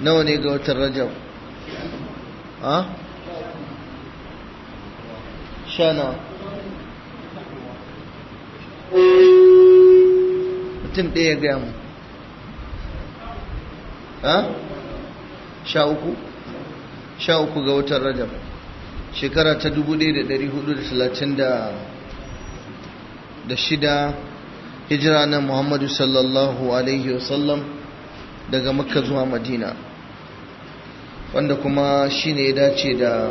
nawa ne ga watan rajab ha sha nawa mutum ɗaya gaya mu ha sha uku sha uku ga watan rajab shekara ta 1436 hijira na muhammadu sallallahu alaihi wasallam daga makka zuwa madina wanda kuma shine ya dace da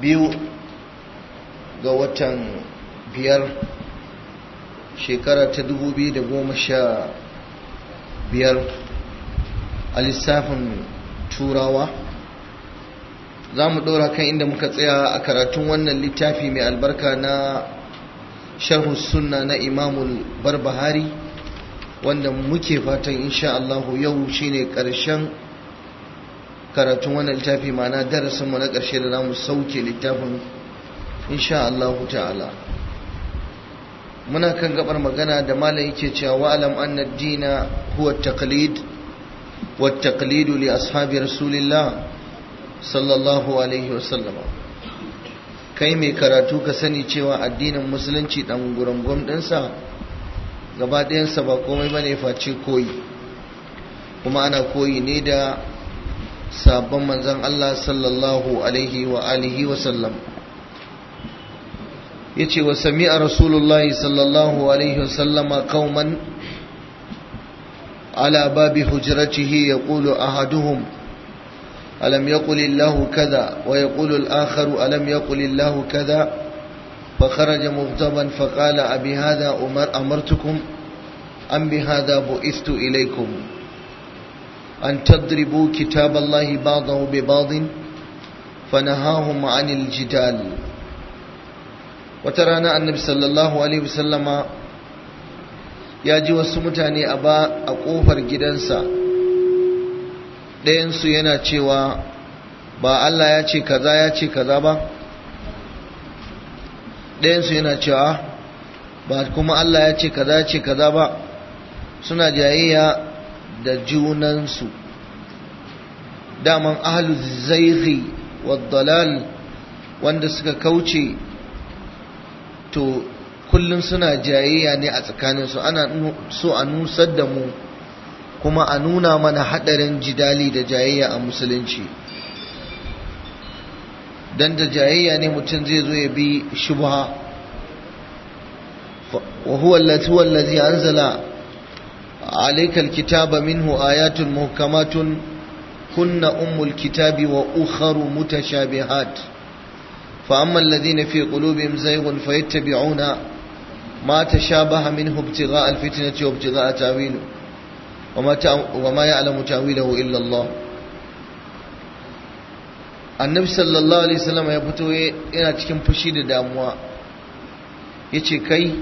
biyu ga watan biyar shekara ta dubu biyu da goma sha biyar a lissafin turawa za mu ɗora kan inda muka tsaya a karatun wannan littafi mai albarka na sharhu sunna na imamul barbahari wanda muke fatan insha yau shine ƙarshen karatun wannan littafi ma'ana darasin mu na ƙarshe da mu sauke littafin insha Allah ta'ala muna kan gabar magana da malam yake cewa wa alam anna dina huwa taqlid wa taqlid li ashabi rasulillah sallallahu alaihi wa sallama kai mai karatu ka sani cewa addinin musulunci dan gurangum dinsa gaba ɗayansa ba komai bane face koyi kuma ana koyi ne da sabon manzon Allah sallallahu alaihi wa alihi wa sallam yace wa sami'a rasulullahi sallallahu alaihi wa sallama qauman على باب حجرته يقول أحدهم ألم يقل الله كذا ويقول الآخر ألم يقل الله كذا فخرج مغضبا فقال أبي هذا أمر أمرتكم أم بهذا بعثت إليكم أن تضربوا كتاب الله بعضه ببعض فنهاهم عن الجدال وترانا النبي صلى الله عليه وسلم ya ji wasu mutane a ba a ƙofar gidansa ɗayansu yana cewa ba Allah ya ce kaza ya ce kaza ba ɗayansu yana cewa ba kuma Allah ya ce kaza ya ce kaza ba suna jayayya da junansu daman ahalu zaighi wa dalal wanda suka kauce to kullum suna jayayya ne a tsakaninsu ana so a nusar da mu kuma a nuna mana haɗarin jidali da jayayya a musulunci don da jayayya ne mutum zai zo ya bi shubha wa huwa allati wallazi anzala عليك الكتاب منه آيات محكمات هن أم الكتاب وأخر متشابهات فأما الذين في قلوبهم زيغ فيتبعون ما تشابه منه ابتغاء الفتنة وابتغاء تاويله وما, وما يعلم تاويله إلا الله annabi sallallahu alaihi wasallam ya fito yana cikin fushi da damuwa yace kai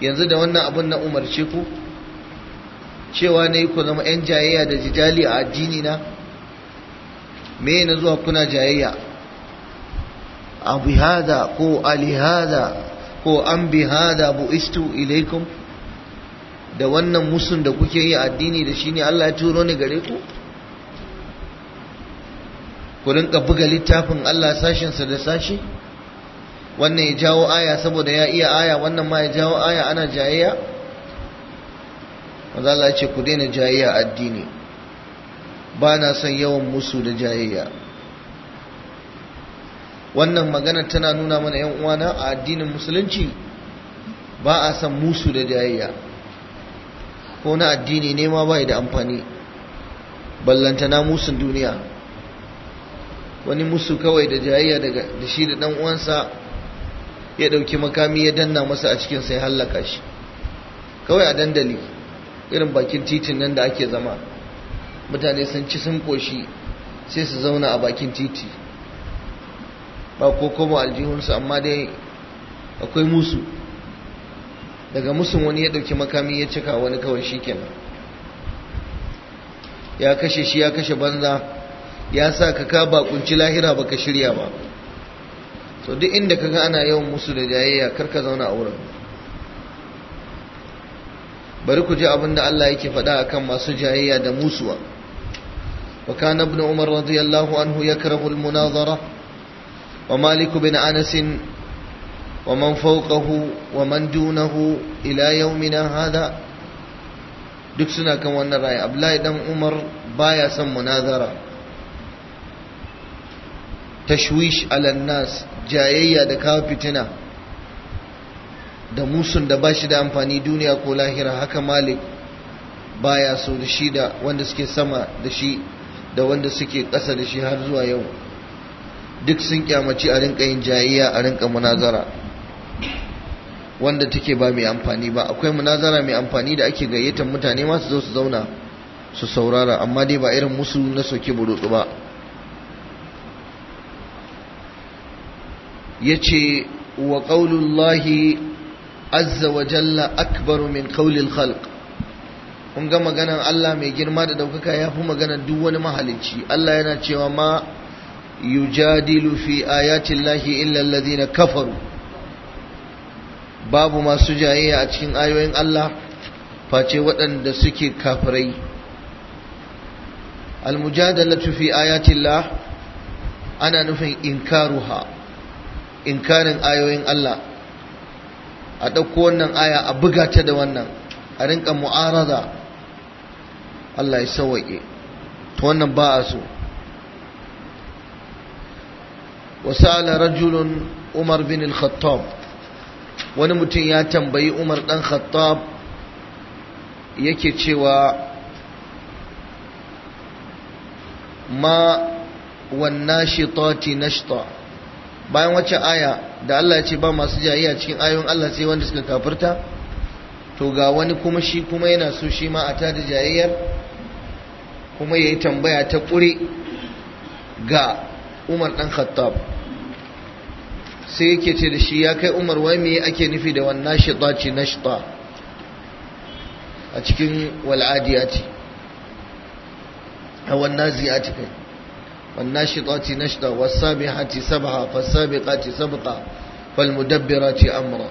yanzu da wannan abun na umarce ku cewa na yi ku zama 'yan jayayya da jidali a addini na me na zuwa kuna jayayya abu hada ko alihada ko an bi hada bu istu ilaikum da wannan musun da kuke yi addini da shi ne Allah ya turo ni gare ku ku rinka buga littafin Allah sashinsa da sashi wannan ya jawo aya saboda ya iya aya wannan ma ya jawo aya ana jayayya manzo Allah ce ku daina jayayya addini ba na son yawan musu da jayayya wannan magana tana nuna mana yan uwana a addinin musulunci ba a son musu da jayayya ko na addini ne ma bai da amfani na musun duniya wani musu kawai da jayayya da shi da dan uwansa ya ɗauki makami ya danna masa a cikin sai hallaka shi kawai a dandali irin bakin titin nan da ake zama mutane sun ci sun koshi sai su zauna a bakin titi ba ko koma aljihunsu amma dai akwai musu daga musu wani ya ɗauki makami ya cika wani kawai shi kenan ya kashe shi ya kashe banza ya sa ka ka bakunci lahira ba ka shirya ba to duk inda ka ga ana yawan musu da jayayya karka zauna a wurin bari ku ji abin da Allah yake faɗa akan masu jayayya da musuwa wa kana ibn umar radiyallahu anhu yakrahu al-munazara wa malik bin Anasin. wa man fawqahu wa man dunahu ila yawmina hada duk suna kan wannan ra'ayi Abdullahi dan Umar baya son munazara tashwish ala nas jayayya da kawo fitina da musun da ba shi da amfani duniya ko lahira haka malik baya so da shi da wanda suke sama da shi da wanda suke ƙasa da shi har zuwa yau duk sun kyamaci a rinka yin jayayya a rinka munazara wanda take ba mai amfani ba akwai munazara mai amfani da ake gayyatar mutane masu zo su zauna su saurara amma dai ba irin musu na soke burutsu ba ya ce wa ƙaunullahi azza wa jalla akbaru min qawlil khalq kun ga maganar Allah mai girma da ɗaukaka ya fi maganar duk wani mahalicci Allah yana cewa ma yujadilu fi ayatin lahi illa alladhina kafaru babu masu jayayya a cikin ayoyin Allah face waɗanda suke kafirai almujadalatu fi ayatillah ana nufin inkaruha inkarin ayoyin Allah a ɗauko wannan aya a buga ta da wannan a rinka mu'arada Allah ya sawaƙe ta wannan ba a so wasa'ala rajulun umar bin al-khattab wani mutum ya tambayi umar ɗan khattab yake cewa ma wannan shi nashta bayan wacce aya da Allah ya ce ba masu jayayya cikin ayoyin Allah sai wanda suka kafirta to ga wani kuma shi kuma yana so shi ma a tada jayayyar kuma ya yi tambaya ta ƙure ga Umar ɗan Khattab sai yake ce da shi ya kai Umar wai me ake nufi da wannan shita ce na a cikin wal'adiyati a wannan ziyati kai والناشطات نشطا والسابحات سبحا فالسابقات سبقا فالمدبرات أمرا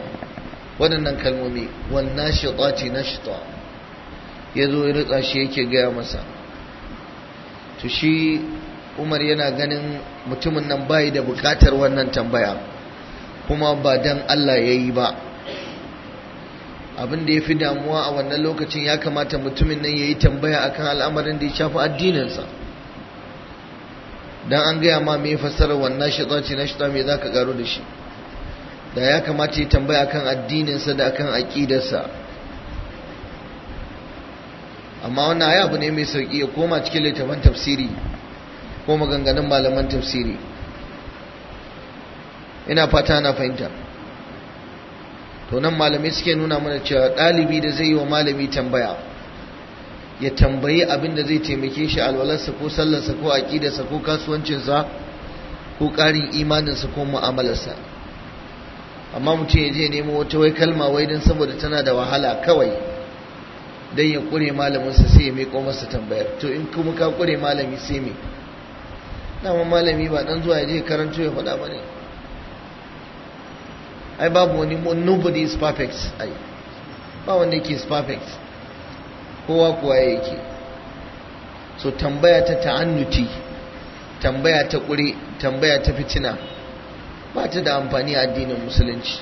waɗannan kalmomi wannan shiɗaci na shiɗa ya zo ya rika shi yake gaya masa to shi umar yana ganin mutumin nan bayi da buƙatar wannan tambaya kuma ba dan Allah ya yi ba abin da ya fi damuwa a wannan lokacin ya kamata mutumin nan ya yi tambaya akan al'amarin da ya shafi addininsa dan an gaya ma mai fassarar wannan shaitanci na shaitan mai zaka garo da shi da ya kamata ya tambaya akan addininsa da akan aƙidarsa. amma wannan aya abu ne mai sauki ya koma cikin littafin tafsiri ko maganganun malaman tafsiri ina fata na fahimta to nan malamai suke nuna mana cewa ɗalibi da zai yi wa malami tambaya ya tambayi abin da zai taimake shi alwalarsa ko sallarsa ko aƙidarsa ko kasuwancinsa ko ƙarin imaninsa ko mu'amalarsa amma mutum ya je nemo wata wai kalma wai don saboda tana da wahala kawai don ya ƙure malaminsa sai ya mai masa tambayar to in kuma ka ƙure malami sai me dama malami ba dan zuwa ya je karanto ya faɗa ba ne ai babu wani nobody is perfect ai ba wanda yake is perfect kowa kuwa yake so tambaya ta ta'annuti tambaya ta ƙuri tambaya ta fitina ba ta da amfani a addinin musulunci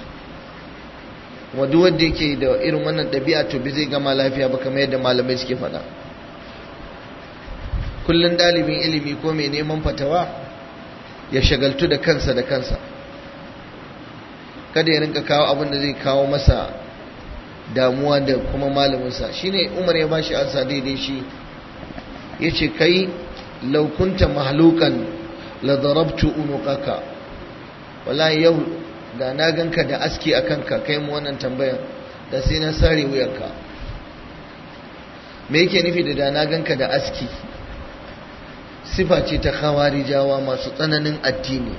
wadu wadda yake da irin wannan ɗabi'a to bi zai gama lafiya ba kamar yadda malamai suke faɗa kullum ɗalibin ilimi ko mai neman fatawa ya shagaltu da kansa da kansa kada ya rinka kawo abin da zai kawo masa damuwa da kuma malaminsa shine umar ya bashi ansa daidai shi ya ce kai laukunta mahalukan la darabtu unukaka wallahi yau da na ganka da aski a kanka kai mu wannan tambayar da sai na sare wuyarka me yake nufi da da na ganka da aski sifa ce ta khawarijawa masu tsananin addini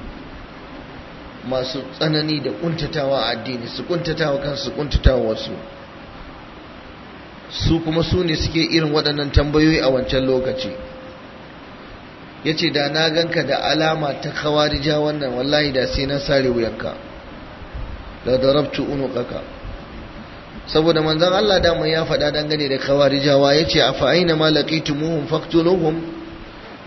masu tsanani da kuntatawa addini su kuntatawa kansu kuntatawa wasu su kuma su ne suke irin waɗannan tambayoyi a wancan lokaci ya ce da na ganka da alama ta kawarija wannan wallahi da sai na sare wuyanka da darabtu kaka saboda manzan Allah dama ya faɗa dangane da kawarijawa yace a aina ma laqitumuhum faqtuluhum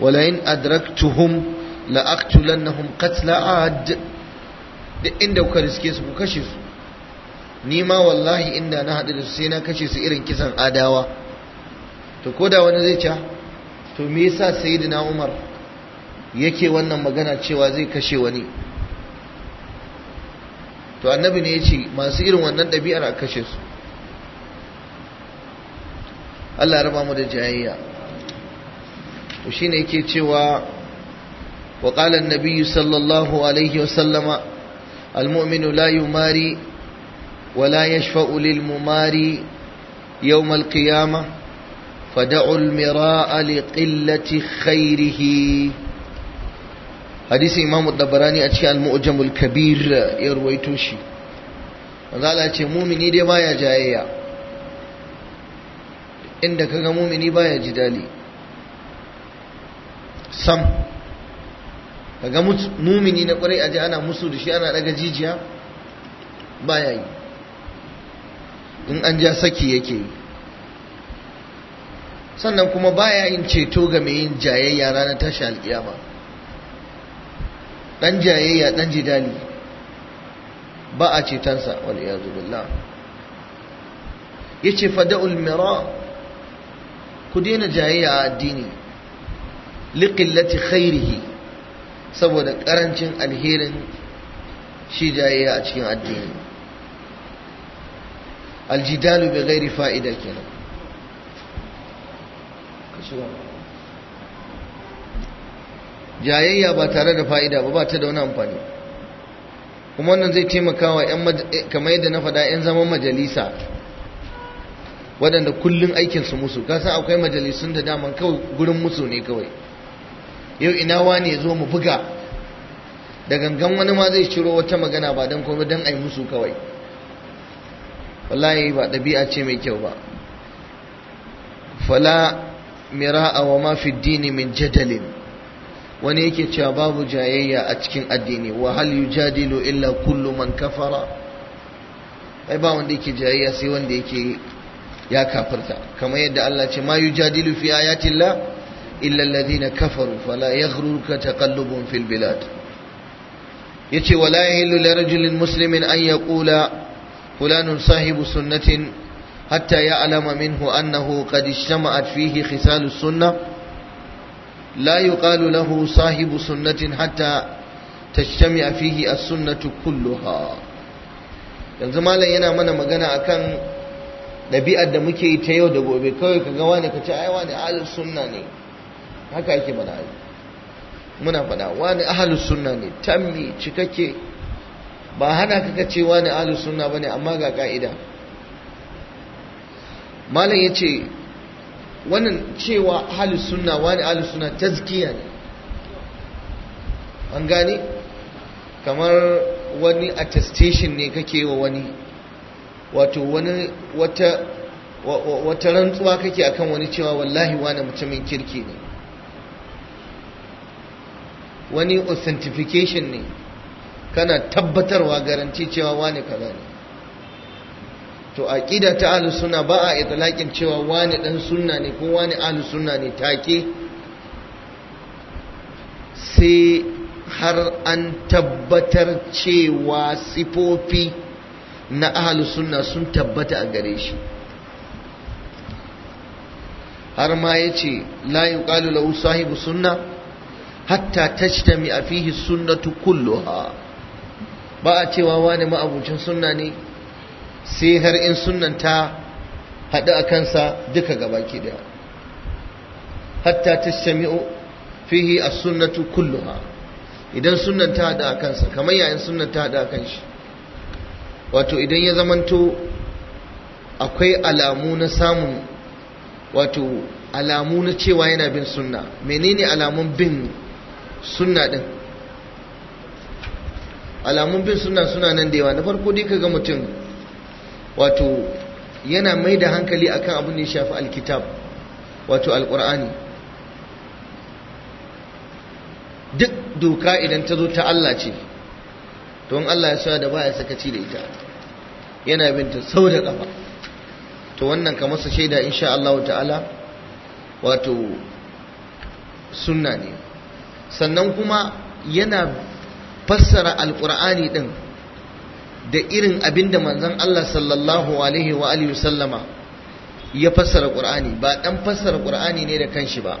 wala in adraktuhum la aqtulannahum qatla ad da inda kuka riske su ku kashe su ni ma wallahi inda na haɗu da su sai na kashe su irin kisan adawa to ko da wani zai ca to me yasa sayyidina umar yake wannan magana cewa zai kashe wani to annabi ne ya ce masu irin wannan ɗabi'ar a kashe su Allah raba mu da jayayya to shine yake cewa wa qala an-nabiy sallallahu alaihi wa sallama al-mu'minu la yumari ولا يشفع للمماري يوم القيامة فدعوا المراء لقلة خيره حديث إمام الدبراني أتشي المؤجم الكبير يرويتوشي قال أتشي مؤمني دي بايا جايا عندك مؤمني بايا جدالي sam kaga mumini na kwarai aji ana musu da shi ana daga jijiya baya yi in an ja saki yake yi sannan kuma baya yin ceto ga mai yin jayayya ranar tashi alkiyama dan jayayya dan jidali ba a cetonsa wani wal iyazu ya yace fada ulmira ku daina jayayya a addini liqillati khairihi saboda ƙarancin alherin shi jayayya a cikin addini aljidalu بغير gairi fa'ida kenan jayayya ba tare da fa'ida ba ba ta da amfani kuma wannan zai taimaka wa kamar yadda na faɗa 'yan zaman majalisa waɗanda kullum aikinsu musu san akwai majalisun da dama kawai gurin musu ne kawai yau ina wani ya zo mu buga da gangan wani ma zai ciro wata magana ba dan kuma don a musu kawai wallahi ba ɗabi'a ce mai kyau ba fala mira'a wa ma fi dini min jadalin wani yake cewa babu jayayya a cikin addini wa hal yujadilu illa kullu man kafara ai ba wanda yake jayayya sai wanda yake ya kafirta kamar yadda Allah ce ma yujadilu fi ayatillah illa alladhina kafaru fala yaghrurka taqallubun fil bilad yace wala yahillu li rajulin muslimin an yaqula فلان صاحب سنة حتى يعلم منه أنه قد اجتمعت فيه خصال السنة لا يقال له صاحب سنة حتى تجتمع فيه السنة كلها yanzu malam yana mana magana akan ɗabi'ar da muke yi ta yau da gobe kawai ka gawa ne ka ai wani ahlus sunna ne haka ake mana muna faɗa wani sunna ne tammi cikakke ba hana ka cewa ne ahlus sunna bane amma ga ka'ida malam yace wannan cewa ahlus sunna wani ahlus sunna tazkiya ne an gane kamar wani attestation ne kake wa wani wato wani wata wata rantsuwa kake akan wani cewa wallahi wani mutumin kirki ne wani authentication ne kana tabbatarwa garanti cewa wane kaza ne to aqida ta ahlus sunna ba a itlaqin cewa wane dan sunna ne ko wane ahlus sunna ne take sai har an tabbatar cewa sifofi na ahlus sunna sun tabbata a gare shi har ma yace la yuqalu lahu sahibu sunna hatta tajtami fihi sunnatu kulluha ba a cewa wane ma'abucin sunna ne sai har in sunnan ta haɗu a kansa duka gabaki daya hatta ta tashami'u fihi a sunnatu kulluha idan sunnan ta haɗu a kansa kamar yayin sunnan ta haɗu a kan shi wato idan ya zamanto akwai alamu na samun wato alamu na cewa yana bin sunna menene alamun bin sunna ɗin? alamun bin suna suna nan da yawa na farko dai kaga mutum wato yana mai da hankali akan abin da ya shafi alkitab wato alkur'ani duk doka idan ta zo ta Allah ce don Allah ya sa da baya sakaci da ita yana binta sau da kafa to wannan ka masa shaida insha Allah ta'ala wato sunna ne sannan kuma yana fassara alkur'ani din da irin abinda manzon Allah sallallahu alaihi wa alihi sallama ya fassara qur'ani ba dan fassara qur'ani ne da kanshi ba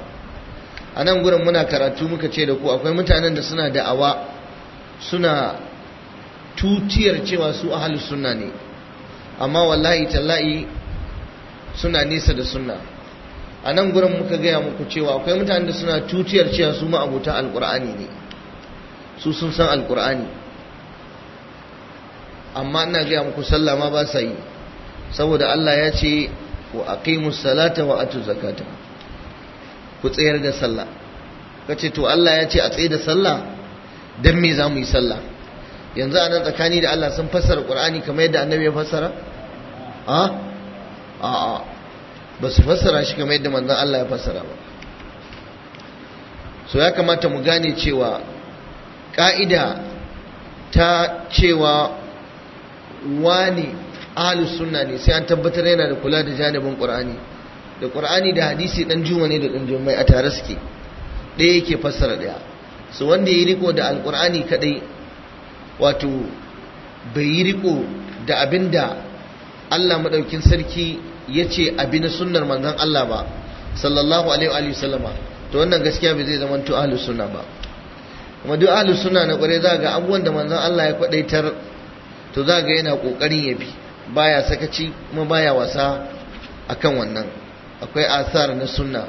a nan gurin muna karatu muka ce da ku akwai mutanen da suna da'awa suna tutiyar cewa su ahlus sunna ne amma wallahi tallahi suna nesa da sunna a nan gurin muka gaya muku cewa akwai mutanen da suna tutiyar cewa su ma'abuta alkur'ani ne su sun san alkur'ani amma ina gaya muku sallah ma ba sa yi saboda Allah ya ce wa aqimus salata wa atu zakata ku tsayar da sallah kace to Allah ya ce a tsaye da sallah dan me za mu yi sallah yanzu anan tsakani da Allah sun fassara Qur'ani kamar yadda Annabi ya fassara a a ba su fassara shi kamar yadda manzon Allah ya fassara ba so ya kamata mu gane cewa ƙa'ida ta cewa wani ahlus sunna ne sai an tabbatar yana da kula da janibin qur'ani da qur'ani da hadisi ɗan juma ne da ɗan jummai a tare suke ɗaya yake fassara ɗaya su wanda ya riko da al'ƙur'ani kaɗai, wato bai yi riko da abinda Allah maɗaukin sarki ya ce abin sunnar manzon Allah ba sallallahu alaihi wa sallama to wannan gaskiya bai zai zama to ahlus sunna ba kuma duk ahlus sunna na kware za ga abubuwan da manzon Allah ya kwadaitar to za ga yana kokarin ya bi baya sakaci kuma baya wasa akan wannan akwai asar na sunna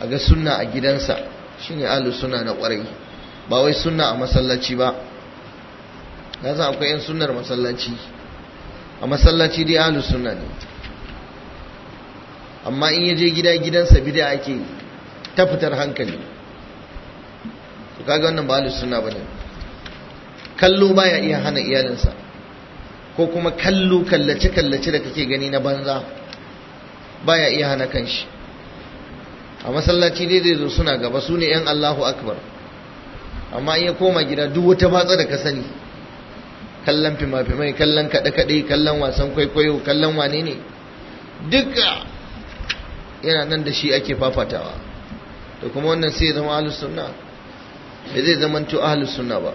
a ga sunna a gidansa shine ahlus sunna na kware ba wai sunna a masallaci ba na san akwai yan sunnar masallaci a masallaci dai ahlus sunna ne amma in ya je gida gidansa bid'a ake ta fitar hankali to kaga wannan ba ahlus sunna bane kallo baya iya hana iyalinsa ko kuma kallo kallace kallace da kake gani na banza baya iya hana kanshi a masallaci dai zai zo suna gaba su ne yan Allahu akbar amma iya koma gida duk wata batsa da ka sani kallon fimafimai, kallon kaɗe-kaɗe kallon wasan kwaikwayo kallon wane ne duka yana nan da shi ake fafatawa da kuma wannan sai ya zama alusunna bai zai to ahlus sunna ba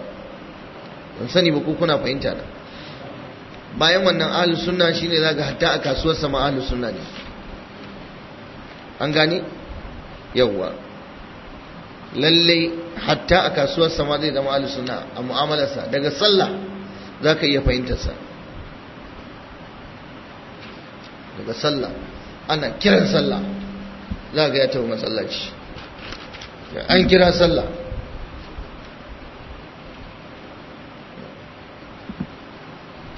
ban sani ba ko kuna fahimta na bayan wannan ahlus sunna shine zaka hatta a kasuwar sama ahlus sunna ne an gani yawwa lallai hatta a kasuwar sama zai zama ahlus sunna a mu'amalarsa daga sallah zaka iya fahimtar sa daga sallah ana kiran sallah za ga ya tafi masallaci an kira sallah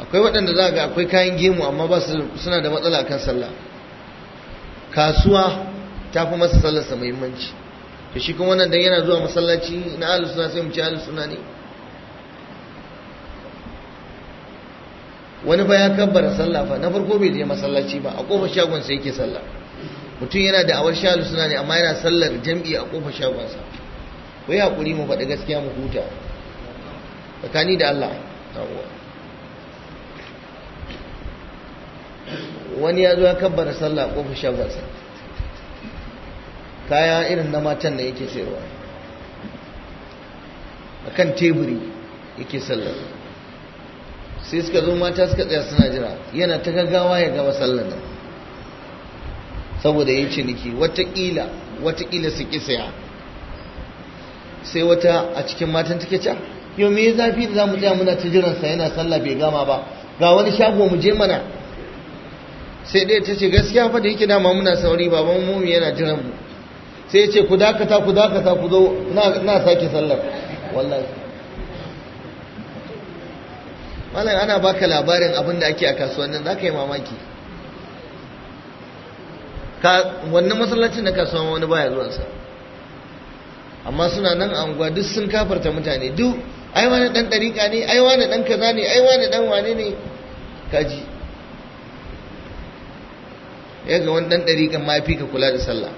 akwai waɗanda za ga akwai kayan gemu amma ba suna da matsala kan sallah kasuwa ta fi masa sallarsa muhimmanci to shi kuma wannan dan yana zuwa masallaci na ahlus sunna sai mu ci ahlus sunna ne wani ba ya kabbara sallah fa na farko bai je masallaci ba a kofar shagon sa yake sallah mutum yana da awar shalu suna ne amma yana sallar jam'i a kofar shagon sa ku yi hakuri mu faɗi gaskiya mu huta tsakani da Allah ta'ala wani ya zo ya kabbara sallah ko kofar shagonsa kaya irin na matan da yake sayarwa a kan teburi yake sallar sai suka zo mata suka tsaya suna jira yana ta gaggawa ya gaba sallar nan saboda ya ce niki watakila watakila su ki saya sai wata a cikin matan take ca yau me zafi da za mu tsaya muna ta jiransa yana sallah bai gama ba ga wani shago mu je mana sai ɗaya ta ce gaskiya fa da yake dama muna sauri baban mu yana jiran mu sai ya ce ku dakata ku dakata ku zo na sake sallar wallahi malam ana baka labarin abin da ake a kasuwannin za ka yi mamaki wannan masallacin da kasuwan wani baya zuwansa amma suna nan a unguwa duk sun kafarta mutane duk ai wani dan dariƙa ne ai wani dan kaza ne ai wani dan wane ne kaji ya ga wani ɗan ɗari kan mafi ka kula da sallah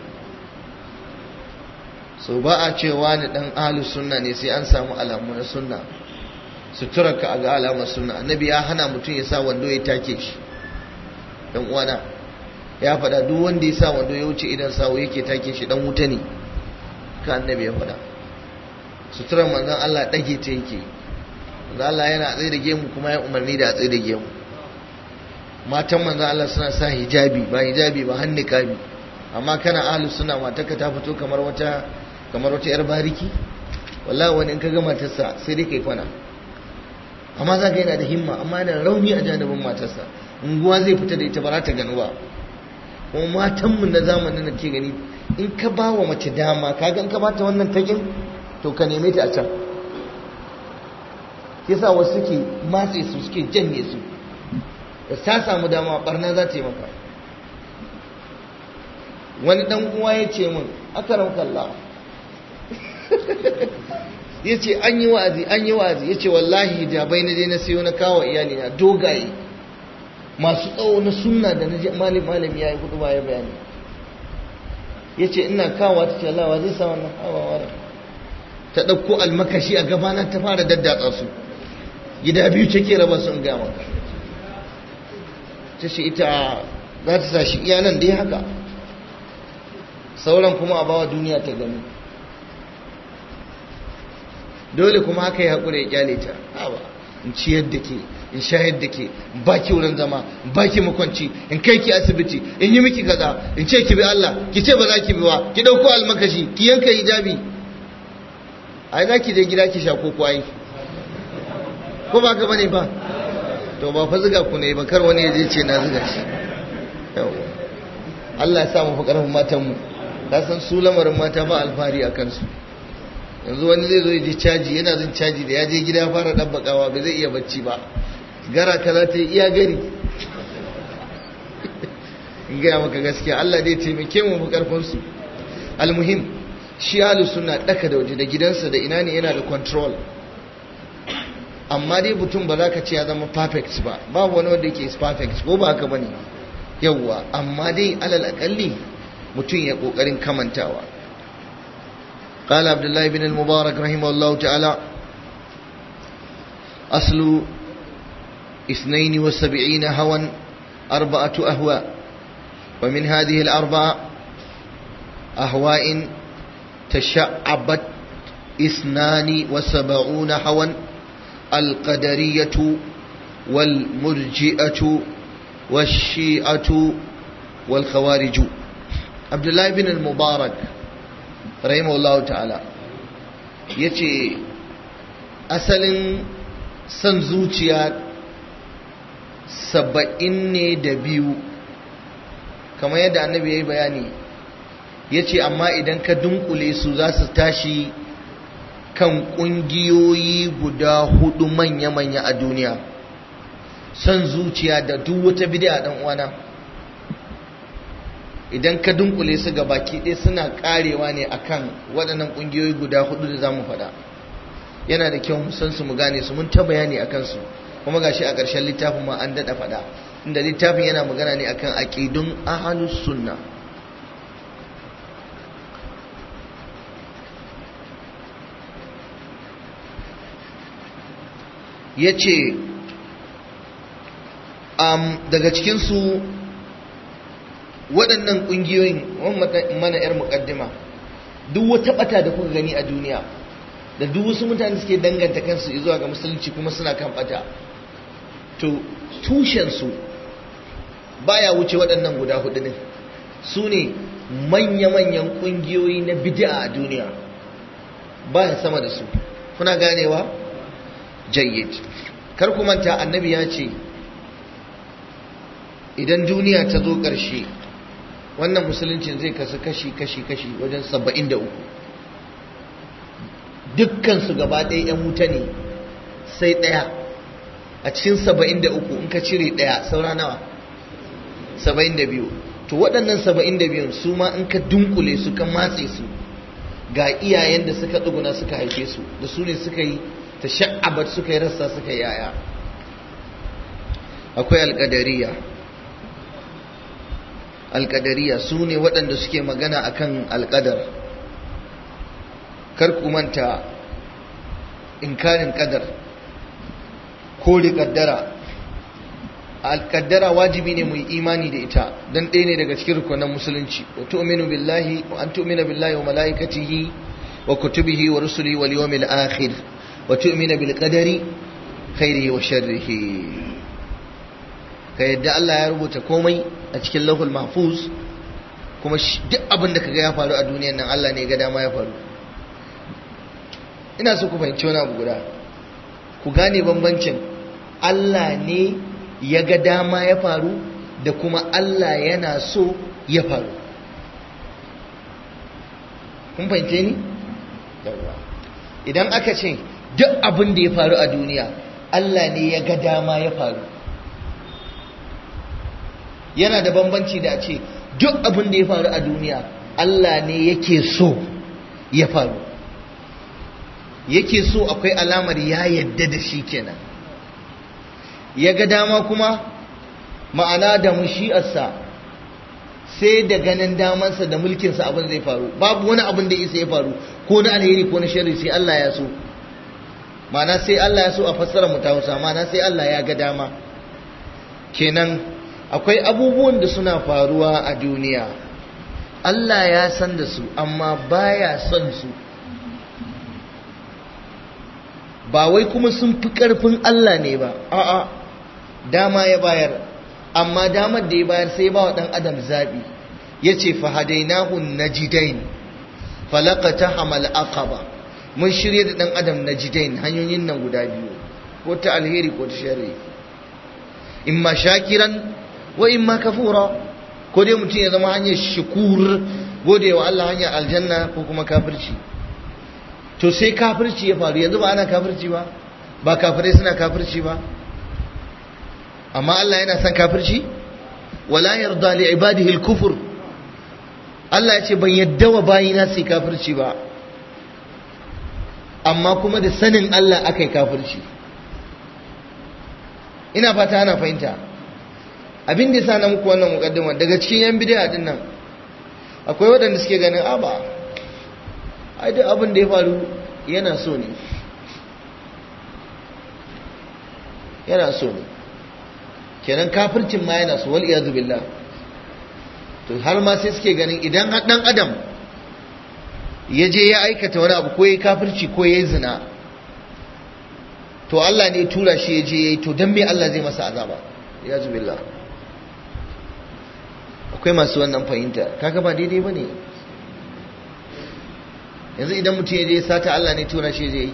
so ba a cewa ni ɗan ahalus sunna ne sai an samu alamu na sunna sutura ka ga alamar sunna annabi ya hana mutum ya sa wando ya take shi dan uwana ya faɗa duk wanda ya sa wando ya wuce idan sawo yake take shi dan wuta ne ka annabi ya faɗa suturar manzon Allah ɗage ta yake manzon Allah yana tsaye da gemu kuma ya umarni da a tsaye da gemu matan manzo Allah suna sa hijabi ba hijabi ba hannu kabi amma kana ahlu suna matarka ta fito kamar wata kamar wata yar bariki wallahi wani in ka ga matarsa sai dai kai kwana amma za ka yana da himma amma yana rauni a janibin matarsa unguwa zai fita da ita ba za ta ganu ba kuma matanmu na zamanin nan ke gani in ka ba wa mace dama kaga in ka bata wannan takin to ka neme ta a can yasa wasu suke matse su suke janye su da ta samu dama barna za ta yi maka wani dan uwa ya ce min akaram kalla ya ce an yi wa'azi an yi wa'azi ya ce wallahi da bai na je na sayo na kawo iyali na dogaye masu tsawo na sunna da na je malam malam ya yi hudu ba ya bayani ya ce ina kawo ta ce Allah wa zai sa wannan wa ta ɗauko almakashi a na ta fara daddatsa su gida biyu take raba sun gama. ta shi ita za ta sa shi iyanan dai haka sauran kuma a bawa duniya ta gani dole kuma haka ya haƙura ya kyale ta hawa in ciyar da ke in shayar da ke baki wurin zama baki makwanci in kai ki asibiti in yi miki kaza in ce ki bi Allah ki ce ba za ki bi ba ki ɗauko almakashi ki yanka hijabi ai za ki je gida ki sha ko kwayi ko ba ka bane ba to ba fa zuga ku ne ba kar wani ya je ce na zuga shi yawa Allah ya sa mu fakar karfin matan mu ka san su lamarin mata ba alfahari a kansu yanzu wani zai zo ya je caji yana zin caji da ya je gida fara dabbakawa ba zai iya bacci ba gara ka za ta iya gari in gaya maka gaskiya Allah zai taimake mu fa karfin su almuhim shi ahlus sunna daka da waje da gidansa da ina ne yana da control amma dai mutum ba za ka ce ya zama perfect ba ba wani wanda yake perfect ko ba haka bane yawwa amma dai alal akalli mutum ya kokarin kamantawa قال عبد الله بن المبارك رحمه الله تعالى أصل اثنين وسبعين هوا أربعة أهواء ومن هذه الأربعة أهواء تشعبت اثنان وسبعون هوا القدرية والمرجئة والشيعة والخوارج عبد الله بن المبارك رحمه الله تعالى يتي أسل سنزوتيا سبعين دبيو كما يدعى النبي بياني yace amma idan ka dunkule su za su tashi kan ƙungiyoyi guda hudu manya-manya a duniya son zuciya da duk wata bid'a dan uwana idan ka dunkule su ga baki ɗaya suna karewa ne akan waɗannan ƙungiyoyi guda hudu da za mu faɗa yana da kyau mu su mu gane su mun ta bayani akan su kuma gashi a ƙarshen littafin ma an daɗa faɗa inda littafin yana magana ne akan aƙidun ahlus sunna ya ce um, daga cikinsu waɗannan ƙungiyoyin mana 'yar muƙaddima duk wata ɓata da kuka gani a duniya da duk wasu mutane suke danganta kansu zuwa ga musulunci kuma suna kan ɓata to tushensu baya wuce waɗannan guda hudu ne su ne manya-manyan ƙungiyoyi na bid'a a duniya ya sama da su kuna ganewa jayyid kar ku manta annabi ya ce idan duniya ta zo ƙarshe wannan musuluncin zai kasu kashi kashi kashi wajen 73 dukkan su gaba ɗaya 'yan wuta ne sai ɗaya a cikin 73 in ka cire ɗaya saura nawa 72 to waɗannan 72 su ma in ka dunkule su ka matse su ga iyayen da suka ɗuguna suka haife su da su ne suka yi ta sha'abat suka yi rassa suka yaya akwai alƙadariya alƙadariya su ne waɗanda suke magana akan alƙadar kar ku manta inkarin ƙadar ko ƙaddara alƙaddara wajibi ne mu yi imani da ita don ɗaya ne daga cikin rukunan musulunci wa tu'minu billahi wa an tu'mina billahi wa mala'ikatihi wa kutubihi wa rusuli wal yawmil akhir wa tu'mina bil qadari khairihi wa sharrihi ka yadda Allah ya rubuta komai a cikin lauhul mahfuz kuma duk abin da kaga ya faru a duniyar nan Allah ne ya ga dama ya faru ina so ku fahimci wani abu guda ku gane bambancin Allah ne ya ga dama ya faru da kuma Allah yana so ya faru kun fahimce ni idan aka ce duk abin da ya faru a duniya Allah ne ya ga dama ya faru yana da bambanci da a ce duk abin da ya faru a duniya Allah ne yake so ya faru yake so akwai alamar ya yadda da shi kenan ya ga dama kuma ma'ana da mushi'arsa sai da ganin damansa da mulkinsa abin zai faru babu wani abin da isa ya faru ko na alheri ko na shari sai Allah ya so ma'ana sai Allah ya so a fassara mu ta Hausa ma'ana sai Allah ya ga dama kenan akwai abubuwan da suna faruwa a duniya Allah ya san da su amma baya son su ba wai kuma sun fi ƙarfin Allah ne ba a'a dama ya bayar amma damar da ya bayar sai ba wa ɗan adam zaɓi ya ce fahadainahun najidain ta hamal aqaba mun shirya da dan adam na jidain hanyoyin nan guda biyu ko ta alheri ko ta shari in ma shakiran wa in ma kafura ko dai mutum ya zama hanyar shukur gode wa Allah hanyar aljanna ko kuma kafirci to sai kafirci ya faru yanzu ba ana kafirci ba ba kafirai suna kafirci ba amma Allah yana son kafirci wala yarda li ibadihi al-kufr Allah ya ce ban yadda wa bayina sai kafirci ba amma kuma da sanin Allah aka yi kafirci ina fata ana fahimta abin da sa na muku wannan mukaddima daga cikin yan bid'a din nan akwai waɗanda suke ganin a ba ai duk abin da ya faru yana so ne yana so ne kenan kafircin ma yana so wal iyadu billah to har ma sai suke ganin idan dan adam ya je ya aikata wani abu ko ya yi kafirci ko ya yi zina to Allah ne tura shi ya je ya yi to don me Allah zai masa azaba ya zubillah akwai masu wannan fahimta kaga ba daidai ba ne yanzu idan mutum ya je sata Allah ne tura shi ya yi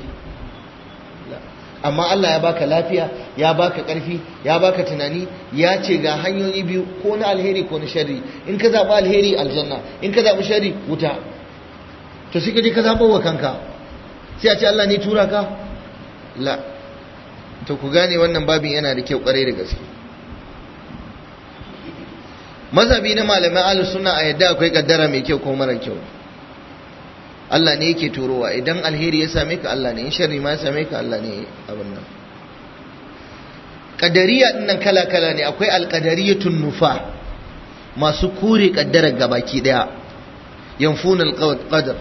amma Allah ya baka lafiya ya baka karfi ya baka tunani ya ce ga hanyoyi biyu ko na alheri ko na sharri in ka zaɓi alheri aljanna in ka zaɓi sharri wuta to shi kaje ka zaɓo wa kanka sai a ce Allah ne tura ka la to ku gane wannan babin yana da kyau kwarai da gaske mazhabi na malamai ahlus sunna a yadda akwai kaddara mai kyau ko mara kyau Allah ne yake turowa idan alheri ya same ka Allah ne in sharri ma ya same ka Allah ne abin nan kadariya dinnan kala kala ne akwai alqadariyatun nufa masu kure kaddarar gabaki daya yanfuna alqadar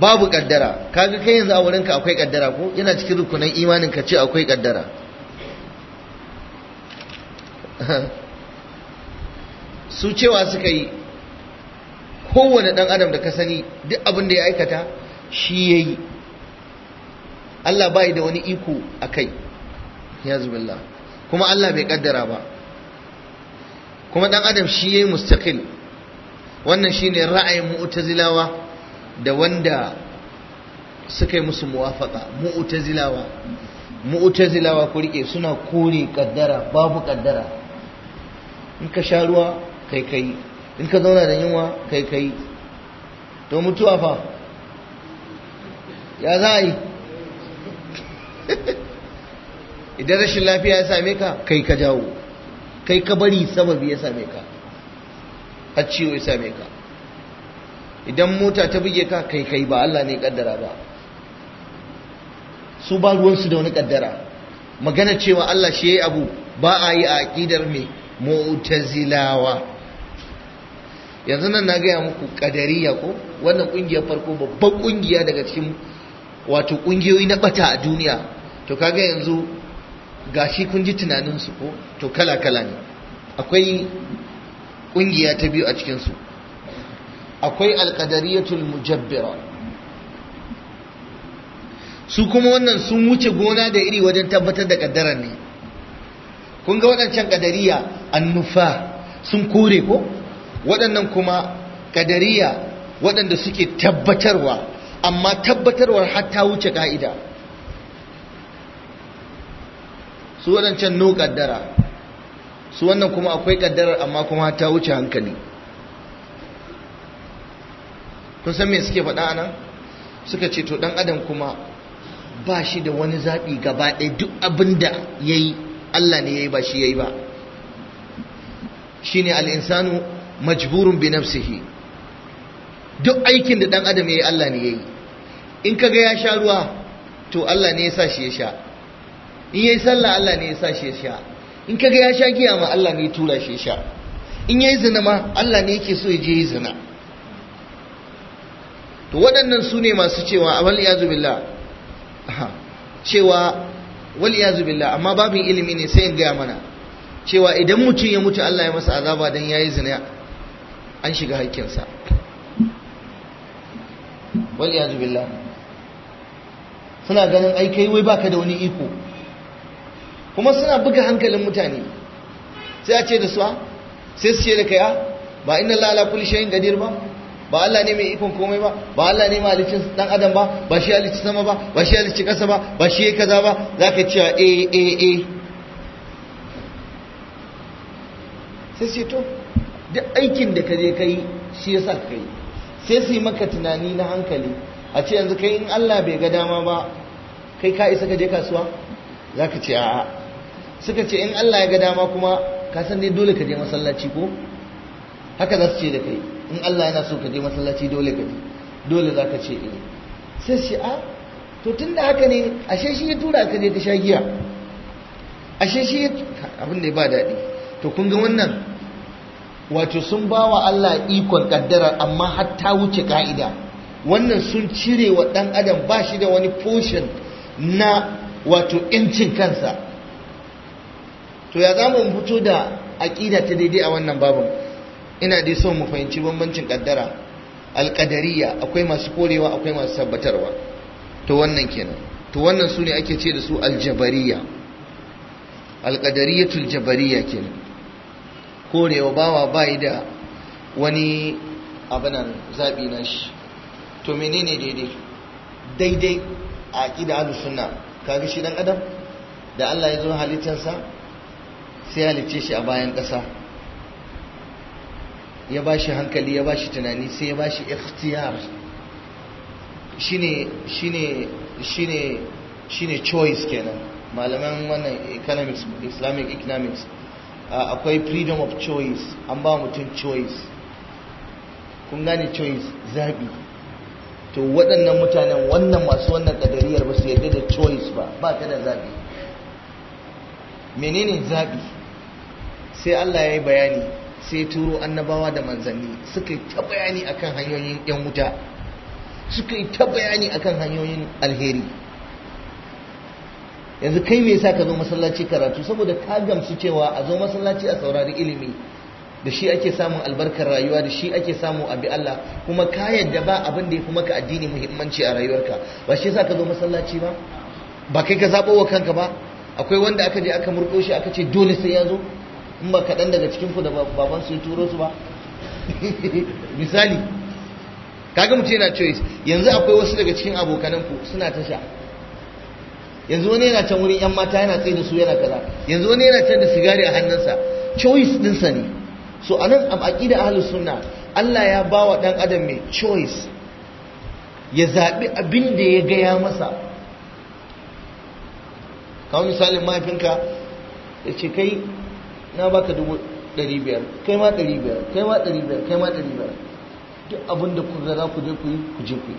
babu kaddara kaga kai yanzu a wurinka akwai kaddara ko yana cikin rukunan imanin ka ce akwai kaddara su cewa suka yi kowane dan adam da ka sani duk abin da ya aikata shi ya yi Allah bai da wani iko a kai ya zubillah kuma Allah bai kaddara ba kuma dan adam shi ya yi mustaqil wannan shine ra'ayin mu'tazilawa da wanda suka yi musu muwafaka mu'tazilawa mu'tazilawa ku rike suna kore kaddara babu kaddara in ka sha ruwa kai kai in ka zauna da yunwa kai kai to mutuwa fa ya za yi idan rashin lafiya ya same ka kai ka jawo kai ka bari sababi ya same ka har ciwo ya same ka idan mota ta buge ka kai kai ba Allah ne kaddara ba su ba ruwansu da wani kaddara magana cewa Allah shi yayi abu ba a yi a aqidar me mu'tazilawa yanzu nan na gaya muku kadariya ko wannan kungiyar farko babban kungiya daga cikin wato kungiyoyi na bata a duniya to kaga yanzu gashi kun ji tunaninsu ko to kala kala ne akwai kungiya ta biyu a cikinsu su akwai alkadariyatul mujabbira su kuma wannan sun wuce gona da iri wajen tabbatar da ƙaddarar ne kun ga waɗancan kadariya annufa sun kore ko waɗannan kuma kadariya waɗanda suke tabbatarwa amma tabbatarwar hatta wuce ka'ida su waɗancan no ƙaddara su wannan kuma akwai ƙaddarar amma kuma ta wuce hankali kun san me suke faɗa anan suka ce to dan adam kuma ba shi da wani zaɓi gaba ɗaya duk abin da ya yi Allah ne ya yi ba shi ya yi ba shi ne al'insanu majburun bi nafsihi duk aikin da ɗan adam ya yi Allah ne ya yi in ka ga ya sha ruwa to Allah ne ya sa shi ya sha in ya yi sallah Allah ne ya sa shi ya sha in ka ga ya sha giya ma Allah ne ya tura shi ya sha in ya yi zina ma Allah ne yake so ya je yi zina to waɗannan su ne masu cewa wal iyazu billah cewa wal iyazu billah amma babin ilimi ne sai in gaya mana cewa idan mutum ya mutu Allah ya masa azaba dan yayi zina an shiga haƙƙinsa wal iyazu billah suna ganin ai kai wai baka da wani iko kuma suna buga hankalin mutane sai a ce da su sai su ce da kai a ba inna lalakul shay'in gadir ba ba Allah ne mai ikon komai ba ba Allah ne malicin dan adam ba ba shi halicci sama ba ba shi halicci kasa ba ba shi yake kaza ba zaka ce a A A sai sai to duk aikin da ka je kai shi yasa kai sai su yi maka tunani na hankali a ce yanzu kai in Allah bai ga dama ba kai ka isa ka je kasuwa zaka ce a? suka ce in Allah ya ga dama kuma ka san dai dole ka je masallaci ko haka za su ce da kai in Allah yana so ka je masallaci dole ka dole za ka ce eh sai shi a ah, to tun da haka ne ashe shi ya tura ka je ka sha giya ashe shi abin da ya ba daɗi to kun ga wannan wato sun ba wa Allah ikon kaddara amma har ta wuce ka'ida wannan sun cire wa ɗan adam ba shi da wani portion na wato ‘yancin kansa to ya za fito da aƙida ta daidai a wannan babu ina dai son mu fahimci bambancin kaddara alkadariya akwai masu korewa akwai masu tabbatarwa to wannan kenan to wannan su ne ake ce da su aljabariya alkadariyatul jabariya kenan korewa bawa bayi da wani nan zaɓi na shi to menene daidai daidai a ƙida alusunna kaga shi dan adam da Allah ya zo halittarsa sai halicce shi a bayan ƙasa ya ba shi hankali ya ba shi tunani sai ya ba shi ikhtiyar shi ne choice kenan malaman wannan economics islamic economics akwai freedom of choice an ba mutum choice kun gane choice zabi to waɗannan mutanen wannan masu wannan ƙadariyar ba su yarda da choice ba ba ta da zabi menene zabi sai Allah ya yi bayani sai turo annabawa da manzanni suka yi ta bayani akan hanyoyin yan wuta suka yi ta bayani akan hanyoyin alheri yanzu kai me yasa ka zo masallaci karatu saboda ka gamsu cewa a zo masallaci a saurari ilimi da shi ake samun albarkar rayuwa da shi ake samun abi Allah kuma ka yadda ba abin da ya fi maka addini muhimmanci a rayuwarka ba shi yasa ka zo masallaci ba ba kai ka zaɓo wa kanka ba akwai wanda aka je aka murko shi aka ce dole sai ya zo in ba kaɗan daga cikinku da baban su turo su ba misali kaga mutum yana choice yanzu akwai wasu daga cikin abokananku suna tasha yanzu wani yana can wurin yan mata yana tsaye da su yana kaza yanzu wani yana can da sigari a hannunsa choice dinsa ne so anan a aqida ahlus sunna Allah ya bawa dan adam mai choice ya zaɓi abin da ya gaya masa kawai misalin mahaifinka ya ce kai na ba ka dubu dari biyar kai ma dari biyar kai ma dari biyar kai ma dari biyar duk abin da kuka za ku je ku yi ku je ku yi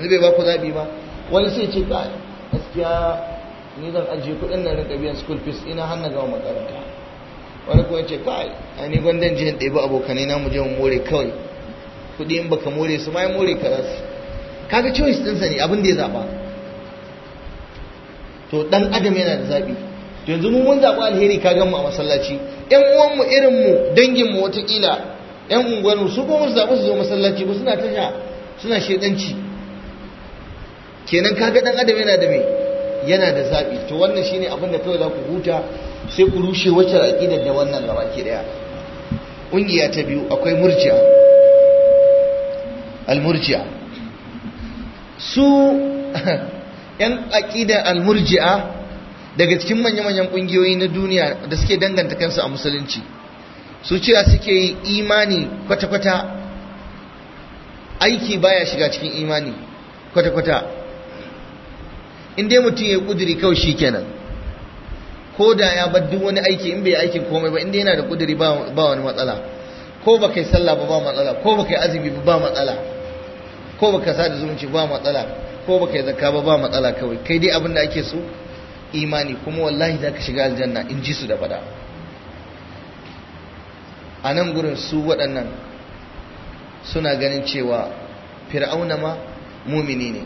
yanzu bai ba ku zaɓi ba wani sai ce ka gaskiya ni zan ajiye kuɗin nan rinka biyan school fees ina hannu gama makaranta wani kuma ce kai a ni gwandan jihar ɗaya abokanai na mu je mu more kawai kuɗi in baka more su ma ya more ka rasu kaga choice ɗinsa ne abin da ya zaɓa to ɗan adam yana da zaɓi to yanzu mu mun zaɓi alheri ka gan mu a masallaci ƴan uwanmu irinmu danginmu watakila ƴan unguwanmu su kuma zaɓi su zo masallaci ba suna tasha suna shedanci kenan kaga ɗan adam yana da me yana da zaɓi to wannan shine abin da kawai za ku huta sai ku rushe wacce aƙidar da wannan gaba ke daya ƙungiya ta biyu akwai murjiya almurjiya su ƴan aƙidar almurjiya daga cikin manya-manyan ƙungiyoyi na duniya da suke danganta kansu a musulunci su cewa suke yi imani kwata-kwata aiki baya shiga cikin imani kwata-kwata inda mutum ya kuduri kawai shi kenan ko da ya bar duk wani aiki in bai aikin komai ba inda yana da kuduri ba wani matsala ko ba kai sallah ba ba matsala ko ba kai azumi ba ba matsala ko ba ka da zumunci ba matsala ko ba kai zakka ba ba matsala kawai kai dai abin da ake so imani kuma wallahi za ka shiga aljanna in ji su da fada a nan gurin su waɗannan suna ganin cewa fir'auna ma mumini ne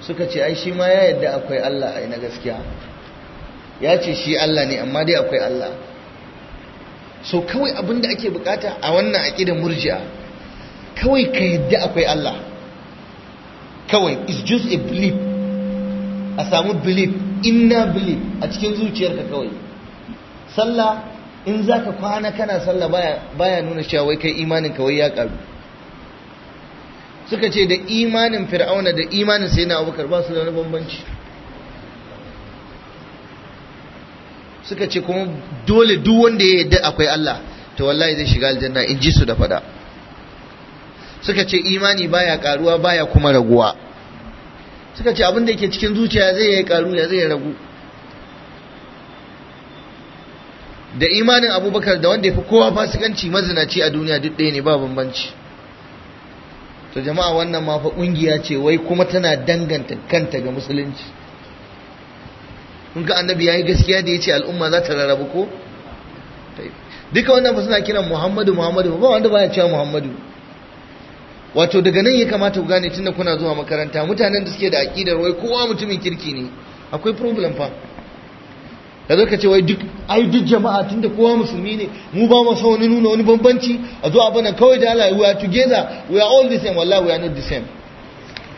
suka ce ai shi ma ya yadda akwai Allah ai na gaskiya ya ce shi Allah ne amma dai akwai Allah so kawai abinda ake bukata a wannan aqidar murji'a kawai ka yadda akwai Allah kawai is just a belief a samu belief inna belief a cikin zuciyarka kawai sallah in za ka kwana kana sallah baya nuna cewa wai kai imanin kawai ya karu suka ce da imanin fir'auna da imanin sai na abubakar ba su da wani bambanci suka ce kuma dole duk wanda ya yadda akwai Allah to wallahi zai shiga aljanna in ji su da fada suka ce imani baya karuwa baya kuma raguwa suka ce abin da yake cikin zuciya zai yi karu ya zai ragu da imanin abubakar da wanda ya fi kowa fasikanci mazinaci a duniya duk ɗaya ne ba bambanci to jama'a wannan ma fa ƙungiya ce wai kuma tana danganta kanta ga musulunci kun ga annabi yi gaskiya da ya ce al'umma za ta rarrabu ko duka wannan ba suna kiran muhammadu muhammadu ba wanda baya cewa muhammadu wato daga nan ya kamata ku gane tunda kuna zuwa makaranta mutanen da suke da aƙidar wai kowa mutumin kirki ne akwai problem fa da zaka ce wai duk ai duk jama'a tunda kowa musulmi ne mu ba mu sa wani nuna wani bambanci a zo abana kawai da Allah we are together we are all the same wallahi we are not the same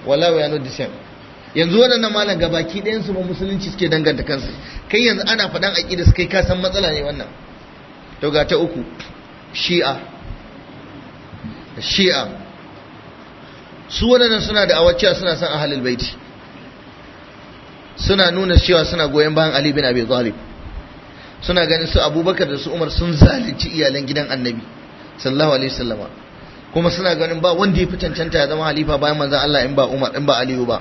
wallahi we are not the same yanzu wadannan malam gabaki ɗayan su ba musulunci suke danganta kansu kai yanzu ana faɗan aƙida su kai ka san matsala ne wannan to ga ta uku shi'a shi'a su waɗannan suna da awacciya suna san ahalil baiti suna nuna cewa suna goyon bayan Ali bin Abi zalib suna ganin su Abubakar da su Umar sun zalunci iyalan gidan Annabi sallallahu alaihi wasallama kuma suna ganin ba wanda ya fi cancanta ya zama halifa bayan manzon Allah in ba Umar in ba Aliyu ba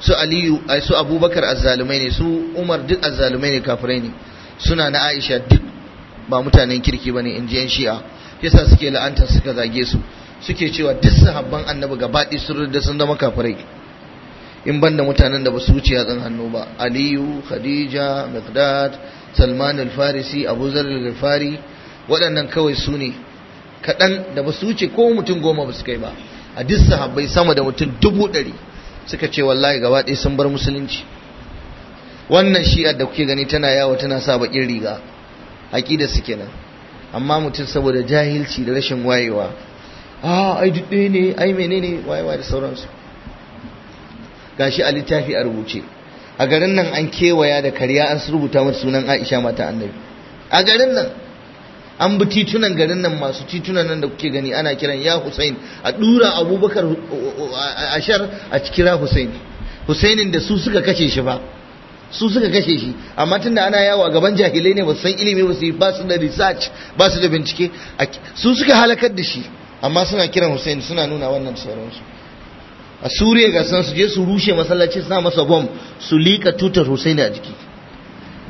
su Aliyu ai su Abubakar azzalumai ne su Umar duk azzalumai ne kafirai ne suna na Aisha duk ba mutanen kirki bane in ji yan Shi'a yasa suke la'anta suka zage su suke cewa duk sahabban annabi gabaɗi sun da sun zama kafirai in banda mutanen da ba su wuce yatsun hannu ba aliyu khadija miqdad salman al-farisi abu zar al-fari waɗannan kawai su ne kaɗan da ba su wuce ko mutum goma ba su kai ba a duk sahabbai sama da mutum dubu ɗari suka ce wallahi gaba ɗaya sun bar musulunci wannan shi'ar da kuke gani tana yawo tana sa baƙin riga aƙidar su kenan amma mutum saboda jahilci da rashin wayewa a ah, ai duk ɗaya ne ai menene wayewa da sauransu gashi a littafi a rubuce a garin nan an kewaya da karya an rubuta mata sunan Aisha mata annabi a garin nan an bi titunan garin nan masu titunan nan da kuke gani ana kiran ya Hussein a dura Abubakar Ashar a kira Hussein Husseinin da su suka kashe shi ba su suka kashe shi amma tunda ana yawo a gaban jahilai ne ba san ilimi ba su yi ba su da research ba su da bincike su suka halakar da shi amma suna kiran Hussein suna nuna wannan sauransu a Suriya ga san su je su rushe masallaci su masa bom su lika tutar Hussein a jiki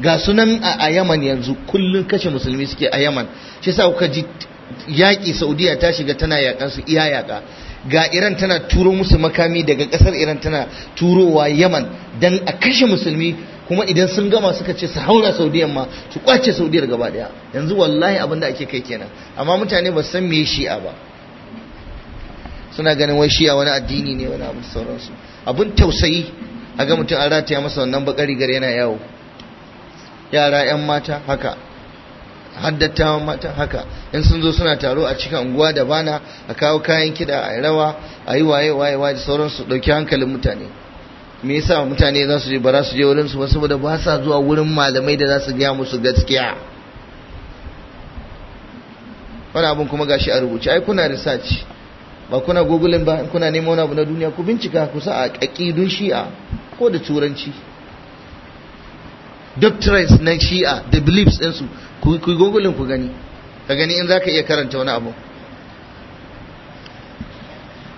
ga sunan a Yaman yanzu kullum kashe musulmi suke a Yaman shi yasa kuka ji yaƙi Saudiya ta shiga tana yaƙan su iya yaƙa ga Iran tana turo musu makami daga ƙasar Iran tana turowa Yaman dan a kashe musulmi kuma idan sun gama suka ce su haura Saudiyan ma su kwace Saudiyar gaba daya yanzu wallahi abin da ake kai kenan amma mutane ba san me shi'a ba suna ganin wai shiya wani addini ne wani abin sauransu abun tausayi a ga mutum an rataya masa wannan bakari rigar yana yawo yara yan mata haka haddattawan mata haka in sun zo suna taro a cikin unguwa da bana a kawo kayan kida a rawa a yi waye waye waye sauransu ɗauki hankalin mutane me yasa mutane za su je ba za su je wurin su ba saboda ba sa zuwa wurin malamai da za su gaya musu gaskiya wani abun kuma gashi a rubuce ai kuna research ba kuna gogulin ba in kuna neman abu na duniya ku bincika ku sa a aƙidun shi'a ko da turanci doctrines na shi'a da beliefs ɗinsu ku yi gogulin ku gani ka gani in za ka iya karanta wani abu